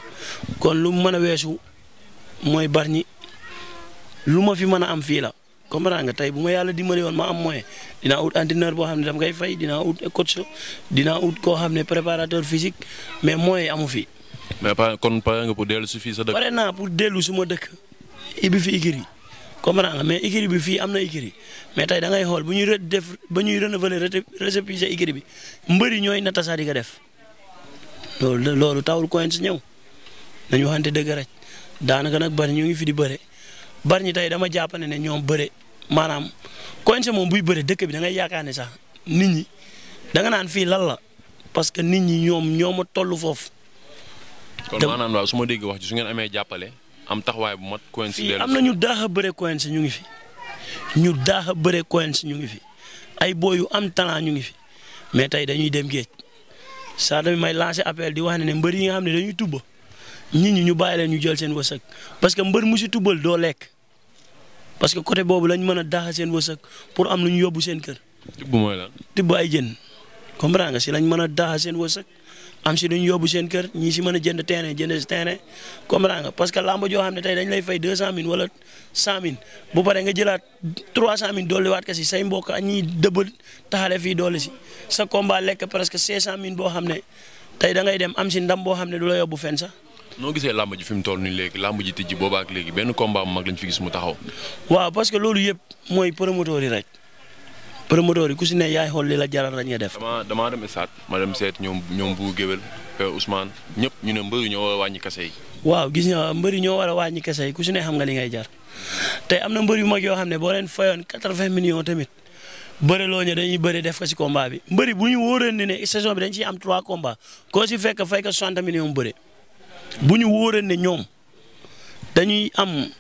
kon lu mu mën a weesu mooy Bargny lu ma fi mën a am fii la comprendre nga tey bu ma yàlla dimbali woon ma am moyen dinaa ut entraîneur boo xam ne dama koy fay dinaa ut coach dinaa ut koo xam ne préparateur physique mais moyen amu fi. mais kon pare nga pour dellu si fii sa dëkk. pare naa pour dellu suma dëkk ibi fi igri comprendre nga mais écurie bi fii am na écurie mais tey da ngay xool bu ñuy def ba ñuy renouveler récépissé écurie bi mbëri ñooy natta sax di ko def loolu loolu tawul cointre ñëw nañu waxante dëgg daanaka nag bari ñu ngi fi di bëre bari ñi tey dama jàpp ne ne ñoom bëre maanaam cointre moom buy bëre dëkk bi da ngay yaakaar ne sax nit ñi da naan fii lan la parce que nit ñi ñoom ñoo ma toll foofu. kon maanaam waaw su ma dégg wax su ngeen amee jàppale. am taxawaay bu mat. Quench fii am na ñu daax a bëre Quench ñu ngi fi ñu daax a bëre Quench ñu ngi fi ay booy yu am talent ñu ngi fi mais tey dañuy dem géej saa tamit may lancé appel di wax ne ne mbër yi nga xam ne dañuy tubba nit ñi ñu bàyyi leen ñu jël seen wërsëg parce que mbër mu si tubbal doo lekk parce que côté boobu lañ mën a daax seen wërsëg pour am lu ñu yóbbu seen kër. tibb ay jën comprendre nga si lañ mën a daax seen wërsëg. am si duñ yóbbu seen kër ñii si mën a jënd terrain jënd si terrain comprends nga parce que làmb joo xam ne tey dañ lay fay deux cent mille wala cent mille bu paree nga jëlaat trois cent mille dolliwaat ko si say mbokk ak ñiy dëbbal taxale fii dolli si sa combat lekk presque cinq cent mille boo xam ne tey da dem am si ndam boo xam ne du la yóbbu fenn sax. noo gisee làmb ji fi mu toll nii léegi làmb ji tijji ak léegi benn combat bu mag lañ fi gis mu taxaw. waaw parce que loolu yëpp mooy promoteur yi rek. promoteur yi ku si ne yaay xool la jaral lañ nga def. damaa dem stade ma dem seet ñoom bu géwél euh, Ousmane ñëpp ñu ne mbëri ñoo war a wàññi kese yi. waaw gis nga mbëri ñoo war a wàññi kese yi ku si ne xam nga li ngay jar te am na mbër yu mag yoo xam ne boo leen fayoon quatre-vingts millions tamit bëri loo ñu dañuy bëri def ko si combat bi mbëri bu ñu wóoree ni ne bi dañ ciy am trois combats koo si fekk fay ko soixante mu bëri bu ñu wóoree ne ñoom dañuy am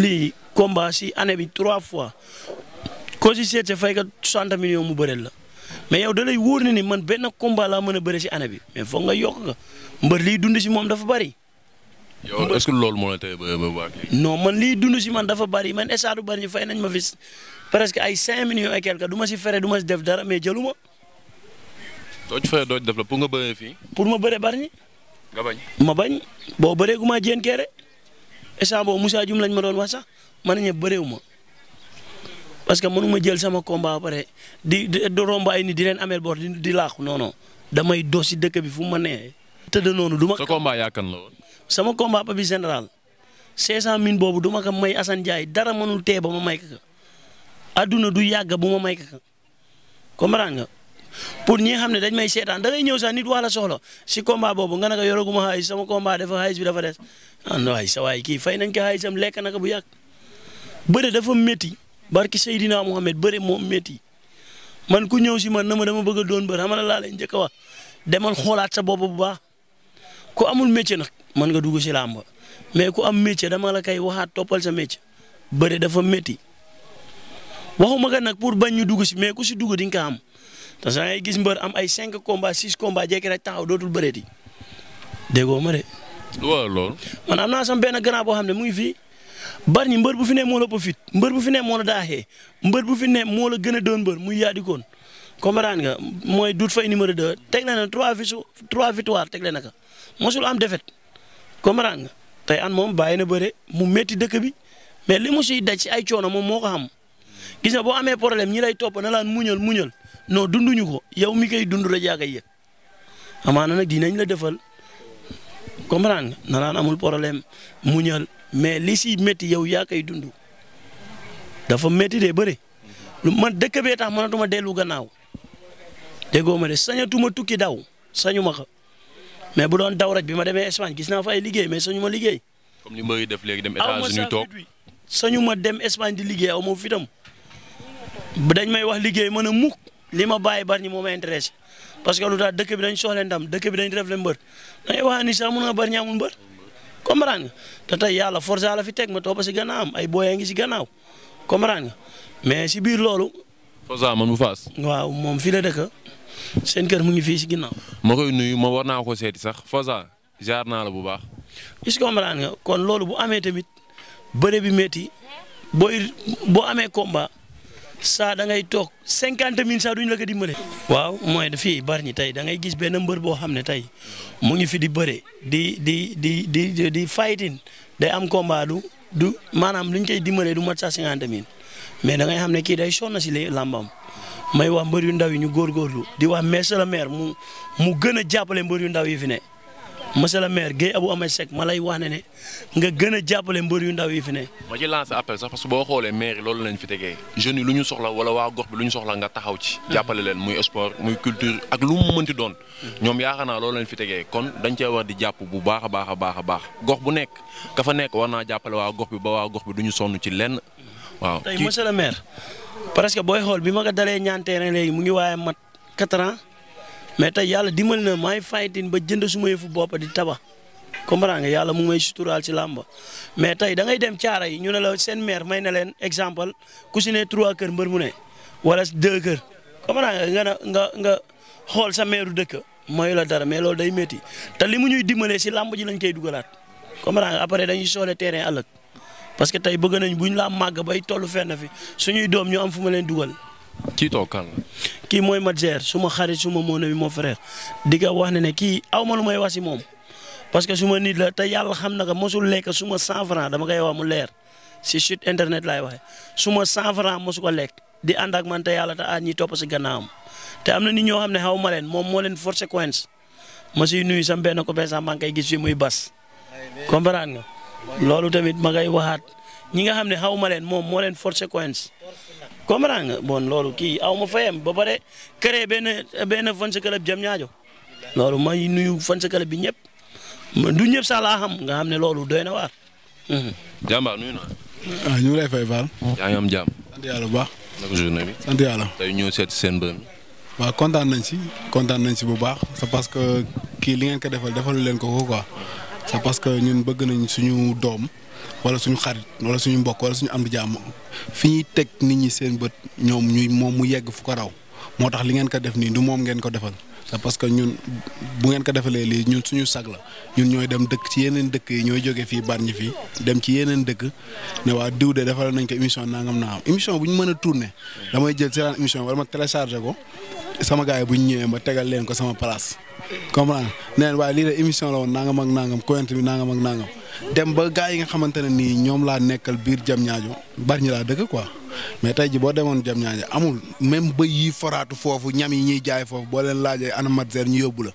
lii combat si année bi trois fois koo si seet sa fay ka 60 millions mu bëreel la mais yow da lay wóor ne ni man benn combat laa mën a bëre si année bi mais foog nga yokk nga mbër liy dund si moom dafa bëri. yow est loolu moo la man lii dund si man dafa bëri man état bari bëri ñu fay nañ ma fis presque ay 5 millions et quelque duma si fere duma si def dara mais jëlu ma. doo ci fere doo def la pour nga bëree fii. pour ma bëree bari ñi. nga ma bañ boo bëree gu ma jéem kere état boobu Moussa lañ ma doon wax sax man ñëpp bëreewu ma. parce que mënuma jël sama combat ba pare di di romb ay nit di leen ameel bor di di laaxu non non damay dox si bi fu ma nee. tëdd noonu du ma. sa combat yaakaar la woon. sama combat papi général 500000 boobu du ma ko may Assane Ndiaye dara mënul tee ba ma may ko adduna du yàgg bu ma may ko comprendre nga pour ñi xam ne dañ may seetaan da ngay ñëw sax nit wax la soxla si combat boobu nga ne ko yoraguma sama combat dafa xaalis bi dafa des ah waay sa waay kii fay nañ ko xaalisam lekk na ko bu yàgg bëre dafa barki Seydina Mohamed bëre moom métti man ku ñëw si man na ma dama bëgg a doon bër xam la laa lay njëkk wa wax demal xoolaat sa bopp bu baax ko amul métier nag mën nga dugg si làmb mais ku am métier dama la koy waxaat toppal sa métier bëre dafa métti waxuma ko nag pour bañ ñu dugg si mais ku si dugg di nga ko am te saa ngay gis mbër am ay cinq combats six combats jekki rek taxaw dootul bëreeti déggoo ma de. waaw loolu. man am naa sama benn grand boo xam mu ngi Bargny mbër bu fi moo la ëpp fit mbër bu fi ne moo la daaxee mbër bu fi ne moo la gën a doon mbër muy yaadikoon comprendre nga mooy Doudou Faye numéro 2 teg na ne 3 victoire 3 victoire teg na ka mosul am défaite comprendre nga tey an moom bàyyi na bëre mu métti dëkk bi mais li mu si daj si ay coono moom moo ko xam gisa boo amee problème ñi lay topp na laan muñal muñal non dunduñu ko yow mi koy dund rek yaa koy yëg amaana nag dinañ la defal comprendre nga na laan amul problème mais li si métti yow yaa koy dund dafa métti de bëri lu man dëkk bee tax mënatuma dellu gannaaw déggoo ma de sañatuma tukki daw sañu ma ko mais bu doon daw rek bi ma demee Espagne gis naa fa ay liggéey mais sañu ma liggéey. comme li mbëri def léegi dem États-Unis toog sañu ma dem Espagne di liggéey aw ma fitam dañ may wax liggéey mën a mukk li ma bàyyi bari ñi moo ma intéressé parce que lu tax dëkk bi dañ soxla ndam dëkk bi dañ def leen mbër da ngay wax ni sax mën nga bari ñi comprendre nga te yàlla forcé la fi teg ma topp si gannaawam ay booyaa ngi si gannaaw comprendre nga mais si biir loolu. Forza man bu Fass. waaw moom fii la dëkk seen kër mu ngi fii si ginnaaw. moo koy nuyu ma war ko seeti sax Forza jaar naa la bu baax. est-ce que nga kon loolu bu amee tamit bëre bi métti booy boo amee combat. saa da ngay toog cinquante mille saa duñ la ko dimbale. waaw mooy da fii bari ñi tey da ngay gis benn mbër boo xam ne tey mu ngi fi di bëre di di di di di faytin day am combat du du maanaam luñ koy dimbalee du mat saa cinquante mille mais da ngay ne kii day sonn si li làmbam may wax mbër yu ndaw yi ñu góorgóorlu di wax monsieur le maire mu mu gën a jàppale mbër yu ndaw yi fi ne. monsieur le maire Guèye Abou Ameth Seck ma lay wax ne ne nga gën a jàppale mbër yu ndaw yi fi ne. ma ci lancer appel sax parce que boo xoolee maire loolu lañ fi tegee jeunes yi lu ñu soxla wala waa gox bi lu ñu soxla nga taxaw ci. Hmm. jàppale leen muy sport muy culture ak lu mënti doon. Hmm. ñoom yaakaar loolu lañ fi tegee kon dañ cee war di jàpp bu baax a baax a baax a baax gox bu nekk ka fa nekk war naa jàppale waa gox bi ba waa gox bi du ñu sonn ci lenn waaw. tey monsieur le maire parce ma ko dalee ñaanteel léegi mu ngi waaye mat mais tey yàlla dimbal na maay fayitin ba jënd suma yëfu bopp di tabax comprendre nga yàlla mu may suturaal ci làmba mais tey dangay dem caara yi ñu ne la seen maire may na leen exemple ku si ne trois kër mbër mu ne wala deux kër comprendre nga nga nga nga xool sa maire dëkk mooy la dara mais loolu day métti te li mu ñuy dimbalee si làmb ji lañ koy dugalaat comprendre nga après dañuy soole terrain ëllëg parce que tey bëgg nañ buñ la màgg bay tollu na fi suñuy doom ñu am fu ma leen dugal. kii toog kan la. kii mooy Madjer suma xarit suma mon ami moo frère di ka wax ne ne kii aw ma lu may wax si moom parce que suma nit la te yàlla xam na ko mosul lekk suma 100 francs dama koy wax mu leer si site internet laay waxee suma 100 francs mosu ko lekk di ànd ak man te yàlla te aat ah, ñi topp si gannaawam te am na nit ñoo xam ne xaw ma leen moom moo leen forcé coince ma siy nuyu sam benn ko sax maa ngi koy gis fii muy bas comprendre nga loolu tamit ma ngay waxaat ñi nga xam ne xaw leen moom moo leen forcé coince comprendre nga bon kii aw ma fayam ba pare créé benn benn fan club jam ñaajo loolu may nuyu fan club bi ñëpp du ñëpp sax laa xam nga xam ne loolu doy na waar. Mhm. jàmbaar nuyu naa. Ah, ñu ngi lay fay Fall. yaa ngi am jàmm. sant yàlla bu baax. naka seen bërëb. waaw kontaan nañ si kontaan nañ si bu baax c'est parce que kii li ngeen ko defal defalu leen ko ko quoi c'est parce ñun bëgg nañ suñu doom. wala suñu xarit wala suñu mbokk wala suñu am di jàmm fi ñuy teg nit ñi seen bët ñoom ñuy moom mu yegg fu ko raw moo tax li ngeen ko def nii du moom ngeen ko defal te parce que ñun bu ngeen ko defalee lii ñun suñu sag la ñun ñooy dem dëkk ci yeneen dëkk yi ñooy jóge fii Bargny fii dem ci yeneen dëkk ne waa diw de defal nañ ko émission nangam naa émission bu ñu mën a tourné damay jël seen émission wala ma téléchargé ko sama gaay bu ñu ñëwee ma tegal leen ko sama place. comprendre neen waaye lii de émission la woon nangam ak nangam coente bi nangam ak nangam dem ba gars yi nga xamante ne nii ñoom laa nekkal biir jam ñaajo Bargny laa dëkk quoi. mais tey ji boo demoon jam ñaaña amul même bëy yi foraatu foofu ñam yi ñuy jaay foofu boo leen laajee ana matzer ñu yóbbu la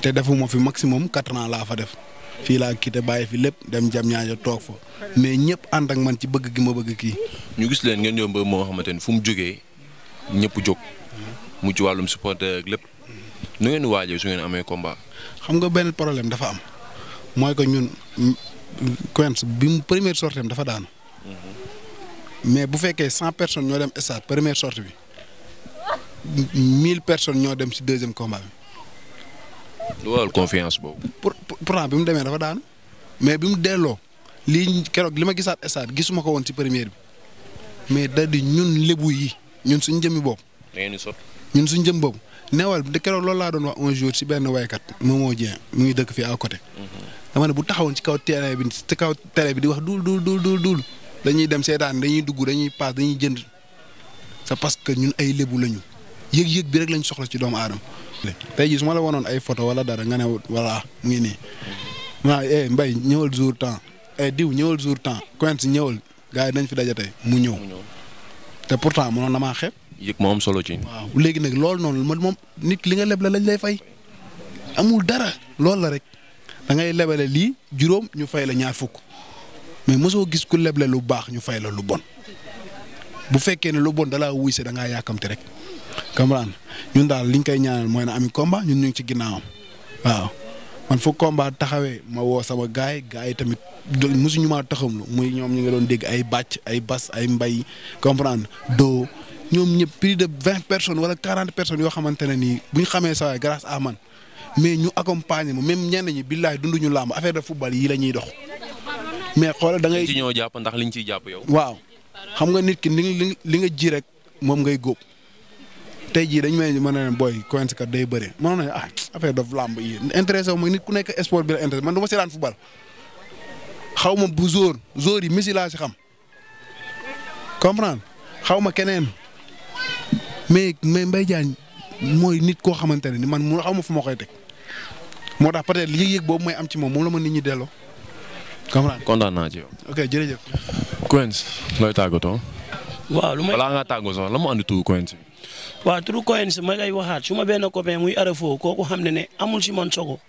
te defuma fi maximum quatre ans laa fa def fii laa quitté bàyyi fi lépp dem jam ñaaña toog fa mais ñëpp ànd ak man ci bëgg gi ma bëgg kii. ñu gis leen ngeen yomb moo xamante ni fu mu jógee ñëpp jóg mu ci wàllum supporter ak lépp nu ngeen waajee su ngeen amee combat. xam nga benn problème dafa am mooy que ñun mm, Quench bi mu première sortie dafa daanu. Mhm. mais bu fekkee cent personnes ñoo dem stade première sortie bi mille personnes ñoo dem ci deuxième combat bi. lu boobu. pour pourtant bi mu demee dafa daan mais bi mu delloo lii keroog li ma gisaat stade gisuma ko woon ci première bi mais da di ñun lébu yi ñun suñ jëmmi bopp. ñun suñ jëm boobu neewal keroog loolu laa doon wax un jour ci benn waykat Momo Dieng mu ngi dëkk fii à côté. Mhm. dama ne bu taxawoon ci kaw télé bi ci kaw télé bi di wax duul duul duul dañuy dem seetaan dañuy dugg dañuy paas dañuy jënd c'est parce que ñun ay lébu lañu yëg-yëg bi rek lañ soxla ci doomu aadama. te jii suma la wanoon ay photo wala dara nga ne voilà mu ngi nii maa eh Mbaye ñëwal jour temps eh diw ñëwal jour temps Quench ñëwal gars yi nañ fi daje mu ñëw te pourtant mënoon na maa xeeb. yëg moo solo ci. waaw léegi nag loolu noonu man moom nit li nga leb la lañ lay fay amul dara loolu la rek da ngay lebale lii juróom ñu fay la ñaar fukk. mais mosoo gis ku leble lu baax ñu fay la lu bon bu fekkee ne lu bon dalaa wuy se da ngaa yàkkamti rek comprendre ñun daal liñ koy ñaanal mooy na ami combat ñun ñu ngi ci ginnaawam waaw man fu combat taxawee ma woo sama gaay gaay tamit mosuñu maa taxamlu muy ñoom ñu ngi doon dégg ay bàcc ay bas ay mbay comprendre doo ñoom ñëpp plus de vingt personnes wala personnes yoo xamante ne nii bu xamee sa waay grâce man mais ñu accompagner ma même ñenn ñi billaay dunduñu làmb affaire de football yi la ñuy dox mais xoolal da ngay ci ñoo jàpp li ñu ciy jàpp yow. waaw xam nga nit ki li li nga ji rek moom ngay góob tey jii dañ ma mën a ne booy Quench day bëri ma ne ah affaire de lamb yi intéressé wu ma nit ku nekk sport bi la intéressé man du ma seetaan football xaw ma bu zóor zóor yi Messi laa xam comprendre xaw ma keneen mais mais Mbaye Diagne mooy nit koo xamante ne ni man mu xaw fu ma koy teg moo tax peut-être yëg-yëg boobu am ci moom moom la man nit ñi dello comprendre kontaan naa ci yow. ok jërëjëf. Quench looy tàggatoo. waaw lu may balaa ngaa tàggatoo la mu andi turu Quench. waaw turu Quench ma lay su ma benn copain muy arafo kooku xam ne ne amul si man sogo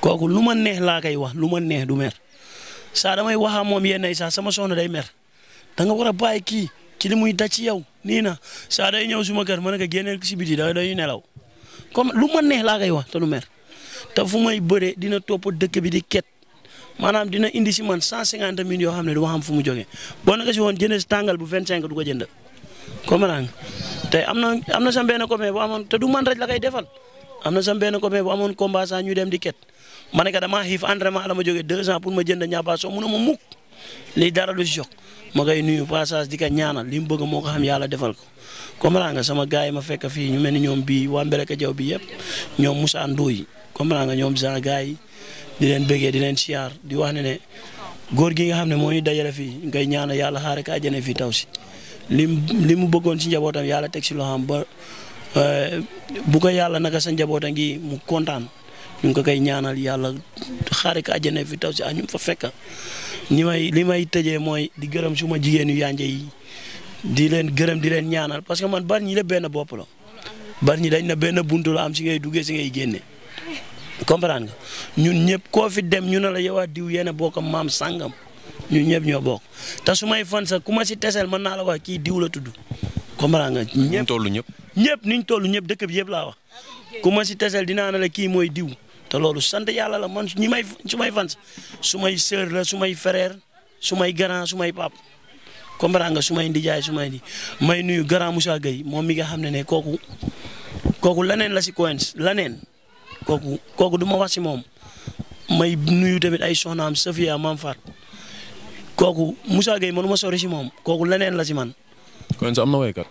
kooku lu ma neex laa kay wax lu ma neex du mer saa damay waxaa moom yenn yi sax sama soxna day mer da war a kii ci li muy ci yow nii na saa day ñëw suma kër mën nga génneel si biti da dañuy nelaw comme lu ma neex laa koy wax te du mer te fu may bëree dina topp dëkk bi di ket. maanaam dina indi si man cent cinquante mille yoo xam ne du ma xam fu mu jógee boo naka si woon jënd si bu vingt cinq du ko jënd comprendre nga tey am na am na sam benn copain bu amoon te du man rek la kay defal am na sam benn copain bu amoon combat ñuy dem di ket ma ne ko damaa xiif entraînement la ma jógee deux ans pour ma jënd ñaaba soo mun a ma mukk lii dara du si jox ma koy nuyu passage di ko ñaana li mu bëgg moo ko xam yàlla defal ko comprendre nga sama gars yi ma fekk fii ñu mel ni ñoom bii waa Mbeleka Jaw bi yëpp ñoom Moussa Ndoye comprendre nga ñoom Jean gars yi di leen bëggee di leen siyaar di wax ne ne góor gi nga xam ne moo ñu dajale fii ñu koy ñaanal yàlla xaare ko àjjana fii taw si li li mu bëggoon si njabootam yàlla teg si loxoom ba eh, bu ko yàlla naka sa njabootam gi mu kontaan ñu ko koy ñaanal yàlla xaare ko àjjana taw si ah fa fekk ñi may li may tëjee mooy di gërëm suma jigéen yu yànje yi di leen gërëm di leen ñaanal parce que man bari ñi la benn bopp la bari ñi dañ na benn buntu la am si ngay duggee si ngay génne. comprendre nga ñun ñëpp koo fi dem ñu ne la yow diw yéen a bokk maam sàngam ñun ñëpp ñoo bokk te su may fan sax ku ma si teseel mën naa la waa kii diw la tudd comprendre nga. ñëpp tollu ñëpp. ñëpp ni ñu toll ñëpp dëkk yëpp laa wax ku ma si teseel dinaa na la kii mooy diw te loolu sant yàlla la man ñi may su may fan su may sœur la su may frère su may grand su may pap comprendre nga su may ndijaay su di may nuyu grand Moussa Gueye moom mi nga xam ne ne kooku kooku laneen la si coins kooku kooku du ma wax si moom may nuyu tamit ay soxnaam Safia maam Faat kooku Moussa Gueye mënu ma sori si moom kooku leneen la si man. kon sa am na waykat.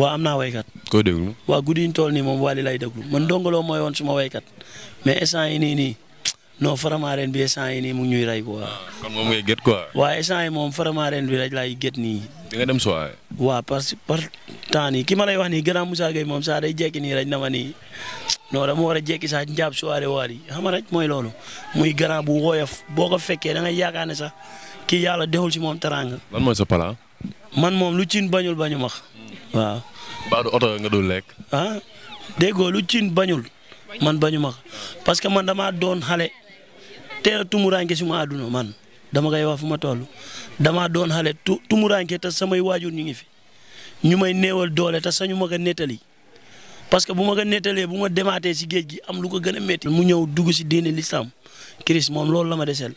waa am naa waykat. koy déglu. waa guddi ñu nii moom Wally lay déglu man dongaloo mooy woon suma waykat mais instant yi nii nii non Faramareen bi instant yi nii mu ngi ñuy rey quoi. Ah, kon moom ngay gét quoi. waaw instant yi moom bi rek laay gét nii. di nga dem soirée. waaw parce que par temps nii ki ma lay wax nii grand Moussa Gueye moom saa day jekki nii rek na ma nii non dama war a jekki sax njaab soirée waal yi xam nga rek mooy loolu muy grand bu woyof boo ko fekkee da ngay yaakaar sax kii yàlla deful si moom teraanga. lan mooy sa man moom lu ciin bañul bañu max. waaw. baadu oto nga dul lekk. ah déggoo lu ciin bañul man bañu max parce que man dama doon xale teel a tumuraanke si ma àdduna man dama koy wax fu ma toll damaa doon xale tu tumuraanke te samay waajur ñu ngi fi ñu may néewal doole te sañu ma ko nettali parce que bu ma ko nettalee bu ma demaatee si géej gi am lu ko gën a métti. mu ñëw dugg si diine lislaam Christ moom loolu la ma deseel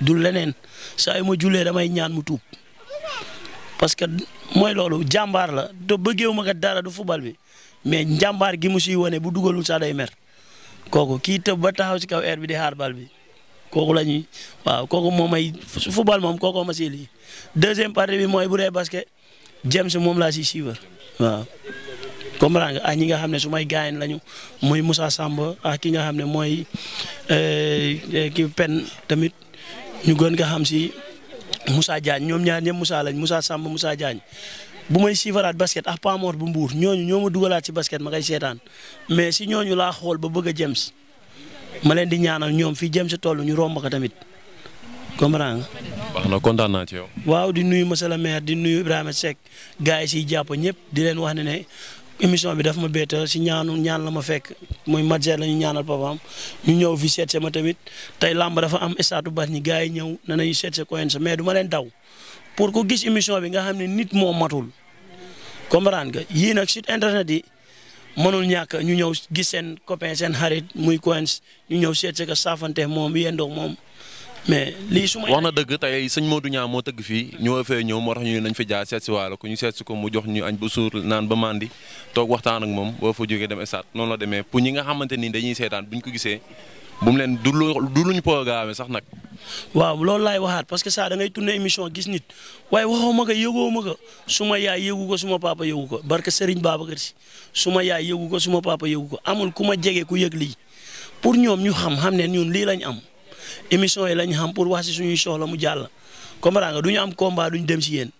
du leneen saa yu ma jullee damay ñaan mu tuub parce que mooy loolu jàmbaar la te bëggeewu ma ka dara du football bi mais njàmbaar gi mu siy wane bu dugalul saa day mer kooku kii tëb ba taxaw si kaw air bi di xaar bal bi. kooku la ñuy waaw kooku moom may football moom kooku ma si lii deuxième partie bi mooy bu dee basket James moom laa si suivre waaw. comprendre nga ah ñi nga xam ne su may gaayen lañu mooy Moussa Samba ah ki nga xam ne mooy euh, ki pen tamit ñu gën nga xam si Moussa Diagne ñoom ñaar ñëpp Moussa lañ musaa Samba musaa Diagne bu may siifaraat basket ah Pamor bu Mbuur ñooñu ñoo ma dugalaat si basket ma koy seetaan mais si ñooñu laa xool ba bëgg a ma leen di ñaanal ñoom fii jëm si toll ñu romb ko tamit comprends nga. baax na kontaan naa ci yow. waaw di nuyu monsieur le maire di nuyu Ibrahima Seck gars yi siy jàpp ñëpp di leen wax ne ne émission bi daf ma bett si ñaanu ñaan la ma fekk muy Madjer la ñu ñaanal papaam ñu ñëw fi seet ma tamit tey làmb dafa am statut bas ñi gars yi ñëw na nañu seet sa coin sa mais du ma leen daw pour ko gis émission bi nga xam ne nit moo matul comprendre nga yii nag site internet yi. mënul ñàkk ñu ñëw gis seen copain seen xarit muy Quench ñu ñëw seet si ko saafante moom yendoo moom mais lii su ma. wax na dëgg tey sëñ Modou Niang moo tëgg fii ñu fee ñëw moo tax ñu nañ fi jaar seet si waalo ku ñu seet si ko mu jox ñu añ ba suur naan ba mandi toog waxtaan ak moom boo fa jógee dem stade noonu la demee pour ñi nga xamante ni dañuy seetaan ñu ko gisee. bu mu leen du lu du luñ programme sax nag. waaw loolu laay waxaat parce que saa da ngay tourné émission gis nit waaye waxoo ma ko yëgoo ma ko su yaay yëgu ko su ma papa yëgu ko barke Serigne Babacar si suma yaay yëgu ko su ma papa yëgu ko amul ku ma jege ku yëg lii pour ñoom ñu xam xam ne ñun lii lañ am émission yi lañ xam pour wax si suñuy soxla mu jàll. comprendre nga du ñu am combat du ñu dem si yéen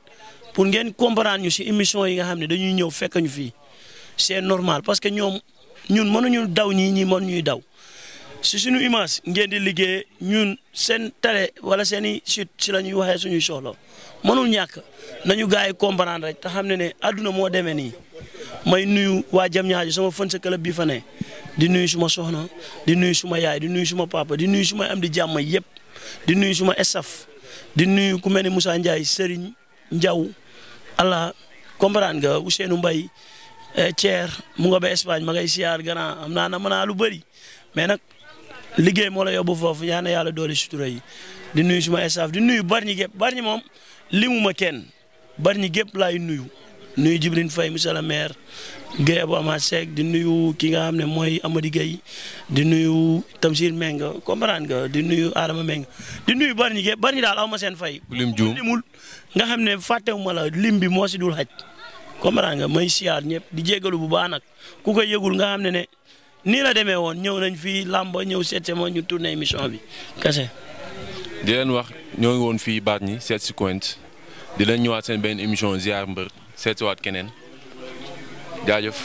pour ngeen comprendre ñu si émission yi nga xam ne dañuy ñëw fekk ñu fii c'est normal parce que ñoom ñun mënuñu daw ñii ñii mënuñuy daw. si suñu image ngeen di liggéey ñun seen tale wala seen i site si la ñuy waxee suñuy soxla mënul ñàkk nañu gars yi comprendre rek te xam ne ne adduna moo demee nii may nuyu waa Diamniadio sama fën sa club bi fa ne di nuyu suma soxna di nuyu suma yaay di nuyu suma papa di nuyu suma am di jàmm yëpp di nuyu suma staff di nuyu ku mel ni Moussa Ndiaye Serigne Ndiaw allah comprendre nga mbay Mbaye eh, Thier mu nga ba ma ngay siyaar gannaaw am naa na mën naa lu bëri liggéey moo la yóbbu foofu yaa na yàlla doole sutura di nuyu suma staff di nuyu bari ñi gépp bari ñi moom ma kenn bari ñi gépp laay nuyu nuyu Djibril Faye monsieur le maire Guèye Abou di nuyu ki nga xam ne mooy Amady di nuyu Tamsir Meng comprendre nga di nuyu Adama Meng di nuyu bari ñi gépp bari ñi daal aw ma seen fay. lim juum nga xam ne fàttewuma la lim bi moo si dul xaj comprendre nga may siyaar ñëpp di jégalu bu baax nag ku koy yëgul nga xam ne ne. nii la demee woon ñëw nañ fii làmba ñëw seet ma ñu tourné émission bi kese. di leen wax ñoo ngi woon fii baat ñi seet si Quench di leen ñëwaat seen benn émission ziar mbër seet waat keneen jaajëf.